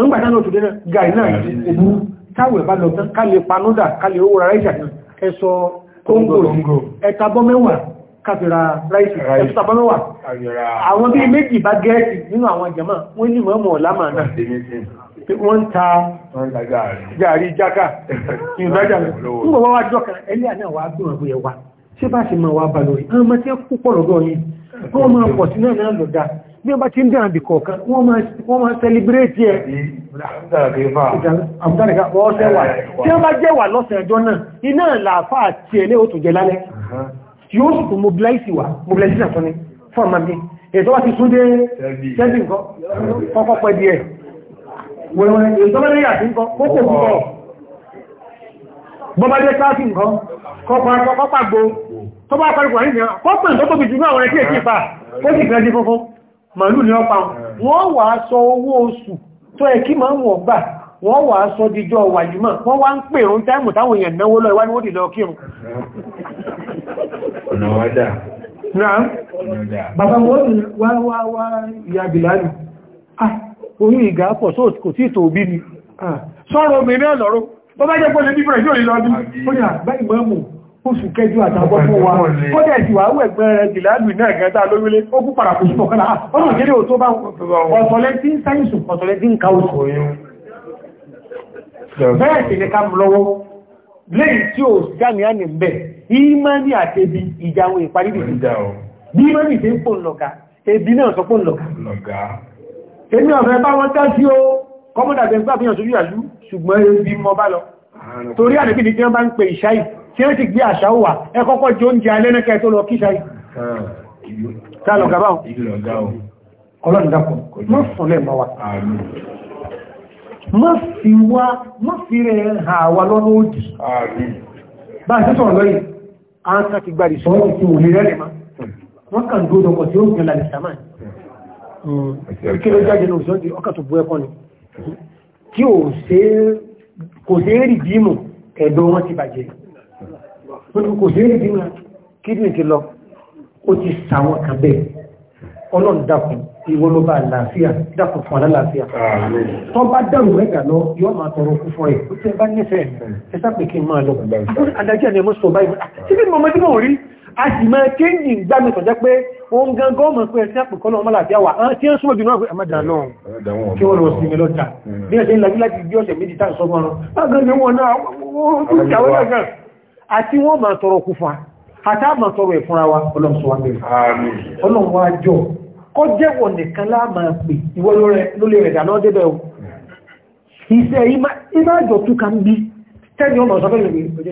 gbàdá náà tó dé náà gààrí náà ìbú táwẹ̀ bá lọ tán ká lè panúdà ká lè owó rárá ìjà náà ẹ̀sọ́ kóńgò ẹ̀ta bọ́ mẹ́wàá kàfìrà ráìsì ẹ̀fùsàbọ́nọ́wà àwọn bí méjì bá gẹ́ẹ̀sì nínú àwọn jẹmọ́ wọ́n ní mọ́ mọ̀ lámà náà wọ́n ta gàrí jákà ìrìnàjà nígbà wá jọ kan ẹlẹ́ àná wà gbọ́n ẹ̀wọ́ ẹ̀wà ṣé bá ṣe máa wá bá lórí àwọn ọmọ tí ó púpọ̀ lọ́dọ̀ yìí wọ́n máa pọ̀ sí náà lọ́dá bí wọ́n bá ti ń dẹ̀ àbì kọ̀ọ̀kan wọ́n máa sẹlẹ̀bírẹ́tì ẹ̀ ọ̀sẹ̀ wà tí wọ́n bá jẹ́ wà lọ́sẹ̀ ẹjọ́ náà iná làáfà àti ẹ̀lẹ́ òtùjẹ lálẹ́ yóò sì tó mobilize wa mobilization tó ní fún ọmọ mi ètò wá ti sún dé ṣẹ́bí nǹkan kọ́kọ́ pẹ́ díẹ̀ wẹ̀wẹ̀ ètò wọ́n rí àti nǹkan kókò púpọ̀ bọ́bá káàkì nǹkan kọ́pàá wọ́n wà sọ owó oṣù tó ẹ̀kí máa ń wọ̀ gbà wọ́n wà sọ dijọ́ wàjúmọ̀ wọ́n wá ń pè ọ̀nà wádà náà bàbá wọ́n ni wá wá wá ìyá bìláàrí ah, orí ìgá pọ̀ só kò tí ìtò òbí ni ah, sọ́rọ̀ obìnrin náà lọ́rọ̀ tó bá jẹ́ pọ́ lè bí fẹ́ yóò lọ́dún ó yà ah, bá ìmọ́mù oṣù kẹjọ àtàbọ̀ fún wa ó dẹ̀ sì wà wẹ̀ gbẹ̀rẹ̀ jìláàdù náà gẹ̀ẹ́ta lórílé ó kú pàràkù sí ọ̀kánà ọdún kéré ò tó bá ọ̀tọ̀lẹ́tí ń bẹ́ẹ̀ sì ní ká lọ́wọ́ lẹ́yìn tí ó jáàmì á ní bẹ́ẹ̀ ìmánì àti ebi ìjáwó ìparí bí ìmánì tí ń pò lọ́gá ebi náà sọ pò lọ́gá èmi ọ̀fẹ́ bá wọ́n tẹ́ sí o kọmọ́dà tẹ́ gbà fíyàn sójú àlú ṣùgbọ́n ebi mọ́ bá lọ torí àdẹ́bí ni tí wọ́n bá ń pè ìṣáì tí wọ́n ti gbé àṣà wà ẹ kọ́kọ́ jẹ oúnjẹ alẹ́ náà kẹ́ tó lọ kí ṣáì tá lọ gàbáwọ̀ ọlọ́run dákọ̀ mọ́ fọ́lẹ̀ mọ́ wa má fi wá má fi rẹ̀ hàn àwa lọ́nà òdì bá ṣe sọ̀rọ̀ lọ́yìn àwọn kan ti gbàdì sọ́wọ́ ti wò lè rẹ́rẹ̀ ma hmm. wọ́n kàn dúró lọ́pọ̀ tí ó gbẹ̀ lálẹ́ sàmà hmm. Hmm. kí ló jáde ní òṣèlú ọkà tó bú ẹkọ́ ni tí kò é rí bímù ẹ̀dọ̀ wọn ti bàjẹ́ kò sí rí bímù kídìnì ti lọ ó ti sàwọn kan bẹ́ẹ̀ ọlọ́run dákun ìwọ ló bá àlàáfíà dákun fún àlàáfíà tó bá dárò mẹ́gà lọ yóò máa tọrọ kú fún ẹ̀ ó tẹ́ bá nífẹ̀ẹ́ ẹ sápẹ́ kí n máa lọ adájọ́ ni mo sọ báyìí tí bí mo mọ́ tí mo rí a sì máa kéyì gbá mi tọ̀jẹ́ pé òun gangan mọ̀ pé ẹ̀sẹ̀ àpò kọ́lọ́ ọmọlàfíà wà á tí ń súnmọ́ jù náà pé ẹ̀mọ́dà lọ́run kí wọ́n lọ sí mi lọ́jà bí ẹ̀sẹ̀ ìlàjú láti bí ọ̀sẹ̀ méjì tá ìsọmọ́rún lágbẹ́ ni wọ́n náà wọ́n tún jà wọ́n náà àti wọ́n máa tọrọ kú fún wa ọlọ́run sọ wa bẹ̀rẹ̀ ọlọ́run wá jọ kọ́ jẹ́wọ̀ nìkan láàmà pè ìwọ lórí rẹ̀ dáná débẹ̀ o iṣẹ́ ìmájọ̀ tún ka ń bí tẹ́ni ọmọ sọ fẹ́lẹ̀ kọ́dà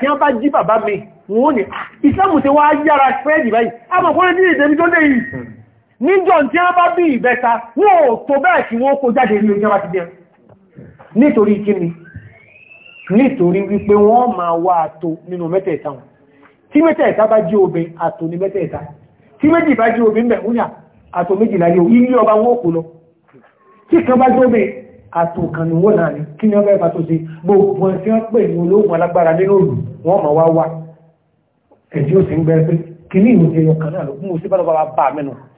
tí wọ́n bá jí bàbá mi wọ́n ní ah, ìsìlámù tí wọ́n á yára fẹ́ẹ̀dì báyìí a mọ̀ kọ́rẹ́ ní èdè mi tó lè yìí níjọ́ tí wọ́n bá bí ìbẹta wọ́n ò tó bẹ́ẹ̀ kí wọ́n kó jáde ní ìjọba ti jẹun nítorí kíni nítorí wípé wọ́n máa wá àtò nínú mẹ́tẹ̀ẹ̀ta wọn tí mẹ́tẹ̀ẹ̀ta bá jí obìn àtò ní mẹ́tẹ̀ẹ̀ta tí méjì bá jí obìn bẹ̀ wúnyà àtò méjì láyé ilé ọba wọn kò lọ tí kan bá jóbe àtò kan wọ́n náà ní kí ní ọba ẹ̀bà tó ṣe gbogbo ẹ̀sìn wọ́n pè ní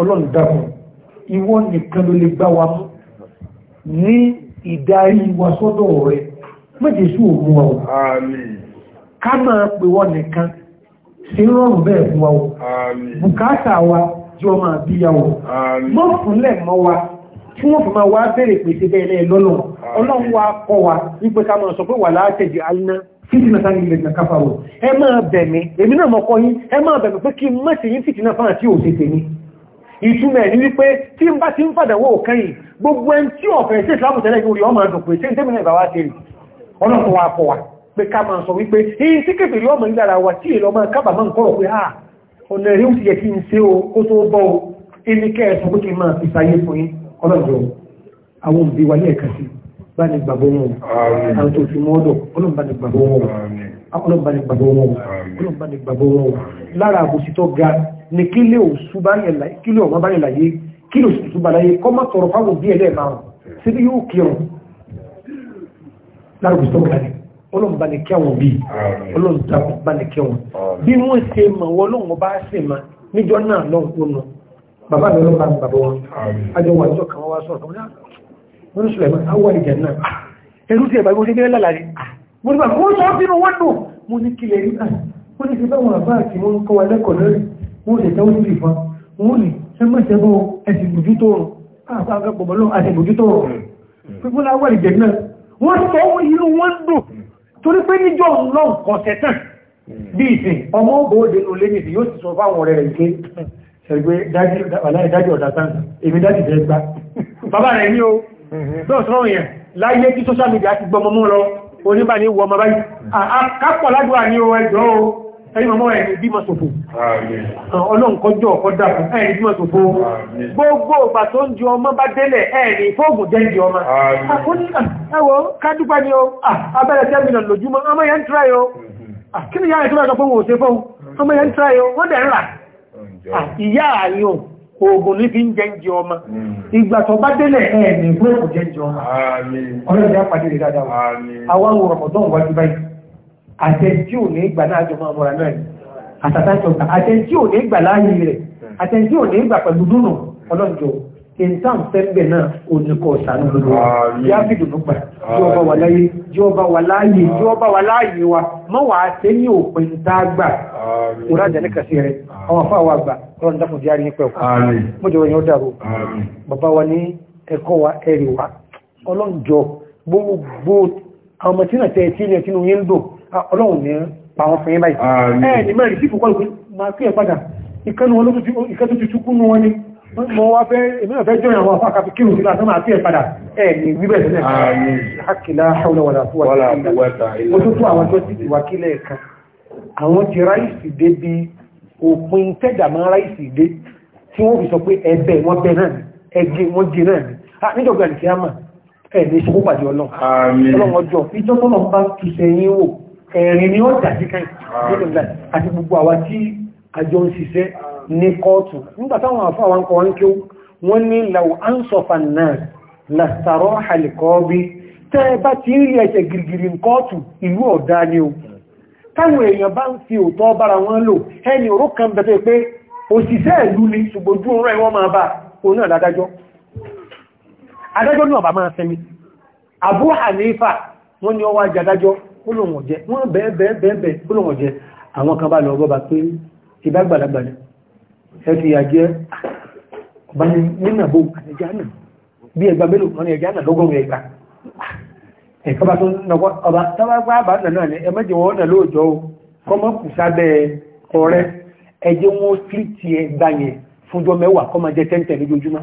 ọlọ́run dákun ìwọ nìkan ló lè gbá wa mú ní ìdarí wa sọ́dọ̀ rẹ̀ méje sí òun wa o ká máa pè wọ́n nìkan ṣe rọrùn bẹ́ẹ̀ fún wa o bùkátà wa jọ máa bí ya o mọ́ fúnlẹ̀ mọ́ wa tí wọ́n fi máa wá bẹ̀rẹ̀ pèsè bẹ́ẹ̀ lọ́nà ọlọ́run wa kọ́ wa wípé ká máa sọ pé wà látẹ̀jì alná fìtìnà sáàrin ilẹ̀ ìjọ káfàwọ̀ ẹ máa bẹ̀mí èmi náà mọ́kọ́ yín ẹ máa bẹ̀mí pé kí mọ́sí yín fìtìnà fáà tí ò tètè ní ìtumẹ̀ ní wípé tí ń bá ti ń fàdàwó òkẹ́yìn gbogbo ẹn tí ọ̀fẹ́ sí ìsìlámù tẹ́lẹ̀ orí ọmọ ẹ̀dùn pé tí ń tẹ́mìnà ìbáwá ti rí ọlọ́pọ̀ wa pọ̀ wà pé ká máa sọ wípé èyí tí kèfè rí ọmọ ìdára wa tí èlọ máa kábà máa ń kọ́rọ̀ pé ha ah, ọ̀nà rí ti yẹ kí n ṣe o kó tó bọ́ o ẹni kẹ́ẹ̀sùn pé kí n máa fi sáyé fún yín ọlọ́jọ́ àwọn òbí wa ní ẹ̀ka sí bá ní gbàgbọ́ wọn àwọn tó fi mọ́ ọdọ̀ ọlọ́run bá ní gbàgbọ́ wọn ọlọ́run bá ní gbàgbọ́ wọn ọlọ́run bá ní gbàgbọ́ wọn lára àbòsí tó ga ni kí lè òṣù báyẹ̀ láyé kí lè òṣù bá láyé kọ́ má tọrọ fáwọn bí ẹlẹ́ máa síbí yóò kírun lárúgbù sọ́gbàlì ọlọ́mbà ní kẹwọn bí ọlọ́mbà ní kẹwọn bí wọ́n ṣe mọ̀ wọ́n lọ́wọ́ bá ṣe mọ̀ níjọ́ náà lọ́wọ́ bàbá mi ló bá ń bàbá wọn ajọ wà níjọ́ kan wá sọ̀rọ̀ wọ́n ní Sulaiman awọ́ ìjẹ̀ náà ah, ẹrú sí ẹ̀bà ìgbóṣẹ́ gẹ́gẹ́ lálàrí mo ní bàbá wọ́n sọ ọ́ sínú wọ́n dùn mo ní kílẹ̀ rí náà ah, wọ́n ní ti báwọn àbá àti mo ń kọ́ wa lẹ́kọ̀ọ́ lórí wọ́n ṣe tẹ́wọ́ sí ìfọn wọ́n ní sẹ́mọ́sẹ́bọ́ ẹ̀sìn bójútó rọ̀ àpá agbẹ́gbọ̀mọ́ lọ́wọ́ àti bójútó rọ̀ hmm. fífún láwọ́ ìjẹ̀ náà wọ́n sọ hmm. torí pé níjọ́ lọ́n kọ̀ọ̀sẹ̀ tán hmm. bí ìsìn ọmọ ògbóòdè ló lé nìsìn yóò ti sọ fáwọn ọ̀rẹ́ rẹ̀ ké ṣẹ̀gbẹ́ dájú ọ̀dà sáà èmi dájú gbá bàbá rẹ̀ ní o bẹ́ẹ̀ sọ́rọ̀ yẹn láyé tí social media ti gbọmọmọ́ lọ oníbà ní wọ ọmọ báyìí ẹ̀yìn mọ́mọ́ ẹni bí máa sòfò ọlọ́nkọjọ́ ọ̀kọ́dá fún ẹni bí máa sòfò gbogbo ọba tó ń jẹ ọmọ bá délẹ̀ ẹni fóògùn jẹ́ jẹ ah, ni ó ah, abẹ́rẹ̀ tẹ́mìnà lójúmọ́ ọmọ yẹn tíráyọ mm-hmm. ah, kí ni yára ìtura sọpọ̀ òṣè fún mm-hmm. ọmọ yẹn tíráyọ wọ́n dẹ̀ ńlá ìyá àyàn oògùn ní fi ń jẹ́ jẹ ọmọ mm-hmm. ìgbà tó bá délẹ̀ ẹni fóògùn jẹ́ jẹ ọmọ ọlọ́dẹ̀ apàdé rẹ̀ dáadáa àwọn òrọ̀mọ̀dọ́ wájú báyìí àtẹ̀ntí ò ní ìgbà náà jọ máa mọ́ra náà ni àtàtàjọba àtẹ̀ntí ò ní ìgbà láàyè rẹ̀ àtẹ̀ntí ò ní ìgbà pẹ̀lú dúnù ọlọ́njọ́ ìntàn fẹ́ǹbẹ̀ náà ò ní kọ́ sànú lọ́wọ́ yá fi dùnú gbà jọba wà láyé jọba wà láàyè jọba wà láàyè wa mọ́ wàá tẹ́ ní òpin tá a gbà òrà jẹ́ níka sí rẹ̀ àwọn afọ àwọn àgbà ọlọ́run dáfò bí arí nípa ẹ̀kọ́ mọ́jọ́ yẹn ó dàrú bàbá wa ní ẹ̀kọ́ wa ẹ̀rì wa ọlọ́njọ́ gbogbo àwọn ọmọ tí náà tẹ́ ẹ̀ tí ilẹ̀ tínú yín dùn ọlọ́run ní pàwọn fún yín báyìí ẹ̀ ní mẹ́rin sí fòkọ́ ìpín máa kí ẹ̀ padà ìkẹ́nu wọn lókùn ti túkú nú wọn ni mo wá fẹ́ ìmìnà fẹ́ jọyàn wọn fáka fi kírù sílá sọ́mà àti ẹ̀ padà ẹ̀ ní wíbẹ̀ sílẹ̀ hakila haula wala quwwata ó tó tó àwọn tó ti ti wákílẹ̀ kan àwọn ti ráìsì dé bí òpin tẹ́jà máa ráìsì dé tí wọ́n fi sọ pé ẹbẹ̀ wọ́n bẹ náà ẹgbẹ́ wọ́n jẹ náà ni níjọba ìkíyàmà ẹ̀ ní ṣokúpàdé ọlọ́run ọlọ́run ọjọ́ ìjọ́ tọ́lọ́ bá ti sẹ́yìn wò ẹ̀rin ni ó jàjí kan ah. àti gbogbo àwa tí àjọ ń ṣiṣẹ́ ní kọ́ọ̀tù nígbà táwọn àfá àwọn kọwàá ń kí wọ́n ní lau an sọfà náà lásàrọ̀ àlìkọ́ọ́bí tẹ́ bá ti rí ẹ̀ṣẹ̀ gìrìgìrì kọ́ọ̀tù ìlú ọ̀dá ni o táwọn èèyàn bá ń fi òótọ́ Abu Hanifa wọ́n ni ọwá olóhùn jẹ wọ́n bẹ́ẹ̀bẹ́ẹ̀bẹ́ẹ̀ olóhùn jẹ àwọn kan bá lọ ọgọ́ba pé ìbá gbàlagbàlẹ̀ ẹ̀fì àjẹ́ ọba nínàbó ẹ̀já náà bí ẹgbà mélòó kan ní ẹ̀já náà lọ́gọ́rùn ẹgbà ẹ̀ka bá tó nọkọ́ ọba tábàgbà bá nà náà ni ẹ mẹ́jẹ wọn nà lóòjọ́ o kọ́mọ́ kù sábẹ́ ọrẹ́ ẹjẹ́ wọn tìrìtì ẹgbà yẹn fúnjọ mẹ́wàá kọ́mọ́ jẹ́ tẹ́ntẹ́ lójoojúmọ́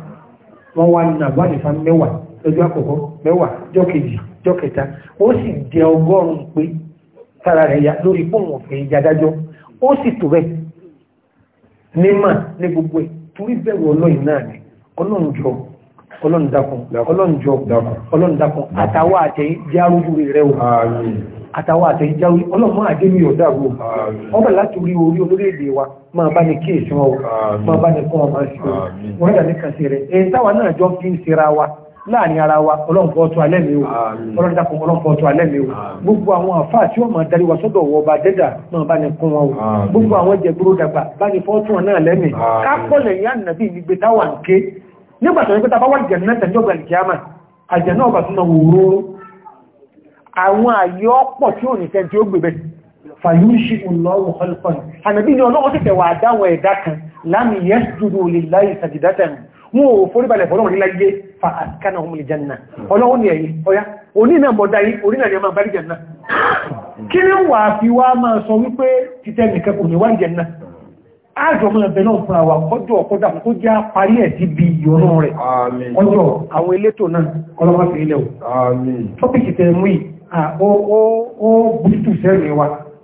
wọ́n wá nà wá nìfà mẹ́wàá ọjọ́ àkọ́kọ́ mẹ́wàá jọ́ kejì jọ́ kẹta ó sì jẹ ọgọ́rùn pé tára rẹ̀ ya lórí fóònù ọ̀fẹ́ ìjàdájọ́ ó sì tó bẹ́ẹ̀ nímà ní gbogbo ẹ̀ torí bẹ̀rù ọlọ́yìn náà ni ọlọ́run jọ ọlọ́run dákun ọlọ́run jọ ọlọ́run dákun àtàwọn àtẹ̀yìn járójú rẹ̀ o àtàwọn àtẹ̀yìn járójú ọlọ́run àdémi ọ̀dàrú o ọba láti rí orí olórílẹ̀-èdè wa máa bá ní kíyèsí wọn o máa bá ní kọ́ ọmọ sí o wọ́n láàrin ara wa ọlọ́nkọ́ ọtún alẹ́mí o ọlọ́dàkùn ọlọ́nkọ́ ọtún alẹ́mí o gbogbo àwọn àfáà tí wọ́n máa darí wa sọ́dọ̀ wọ ọba dẹ́dà náà bá ní kún wọn o gbogbo àwọn jẹgbúrú dàgbà bá ní fọ́tún wọn náà lẹ́mí kápọ̀lẹ̀ yá nàbí ìgbé táwà ń ké nígbà tó yẹ tábá wà jẹ̀ náà tẹ̀jọ́gbà ní kíámà àjẹ́ náà bá túnmọ̀ wòró àwọn àyè ọ̀pọ̀ tí ò wọn ò foríbalẹ̀ fọ́lọ́wọ́n ní láyé fa àkánà ọmọ ìjànà ọlọ́wọ́n ni ẹ̀yìn ọya onínà mọ̀dá yìí onínà ni a máa bá ìjànà kí ní wà fi wá máa sọ wípé títẹ́ nìkan kò ní wá ìjànà ájọ mọ́ ẹ̀bẹ̀ náà fúnra wa kọjọ ọkọjá kó já parí ẹ̀ sí bí yọrọ rẹ̀ ọjọ́ àwọn elétò náà ọlọ́wọ́ fi ilẹ̀ o tọ́pìkì tẹ̀ mú yìí ó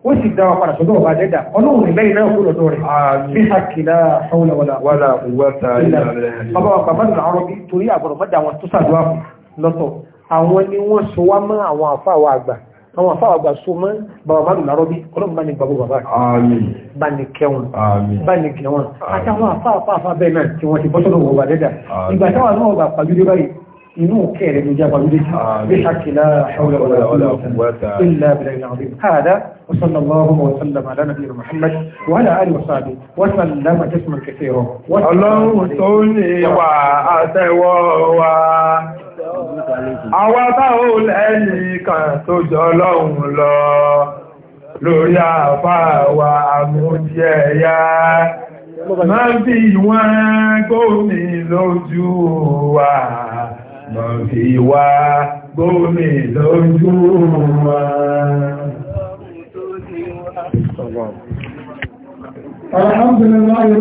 ó sì dá wa padà sọ́dọ̀ ọba dẹ́dà ọlọ́run ìlẹ́ ìlẹ́ òkú lọ́dọ̀ rẹ̀ bí hakila haula wala wala wata ilẹ̀ bàbá wa bàbá nà ọ̀rọ̀ bí torí àgbọ̀rọ̀ mọ́jà wọn tó sàdúrà fún lọ́tọ̀ àwọn ni wọ́n so wá mọ́ àwọn àfáwà àgbà àwọn àfáwà àgbà so mọ́ bàbá bá nà ọ̀rọ̀ bí ọlọ́run bá ní gbàgbọ́ bàbá bá ní kẹwọn bá ní kẹwọn àtàwọn àfáà àfáà bẹ́ẹ̀ náà tí wọ́n ti bọ́ sọ́dọ̀ ọba dẹ́dà ìgbà táwọn náà ọba pàjúdé báyìí inú kẹrẹ ló jábọ̀ lórí bíṣàkìlá حول ولا قوة إلا بالله العظيم هذا وصلى الله وسلم على نبينا محمد وعلى آله وصحبه وسلم تسما كثيرا ọlọ́run tó ní wà àtẹ́wọ́ wa àwọn táwọn lẹ́yìn kan tó jọ ọlọ́run lọ lórí àfáàwà àmójí ẹ̀yà máa bí wọ́n gómìn lójú wa mọ̀ fi wá gómi lójú wa. Alhamdulillah.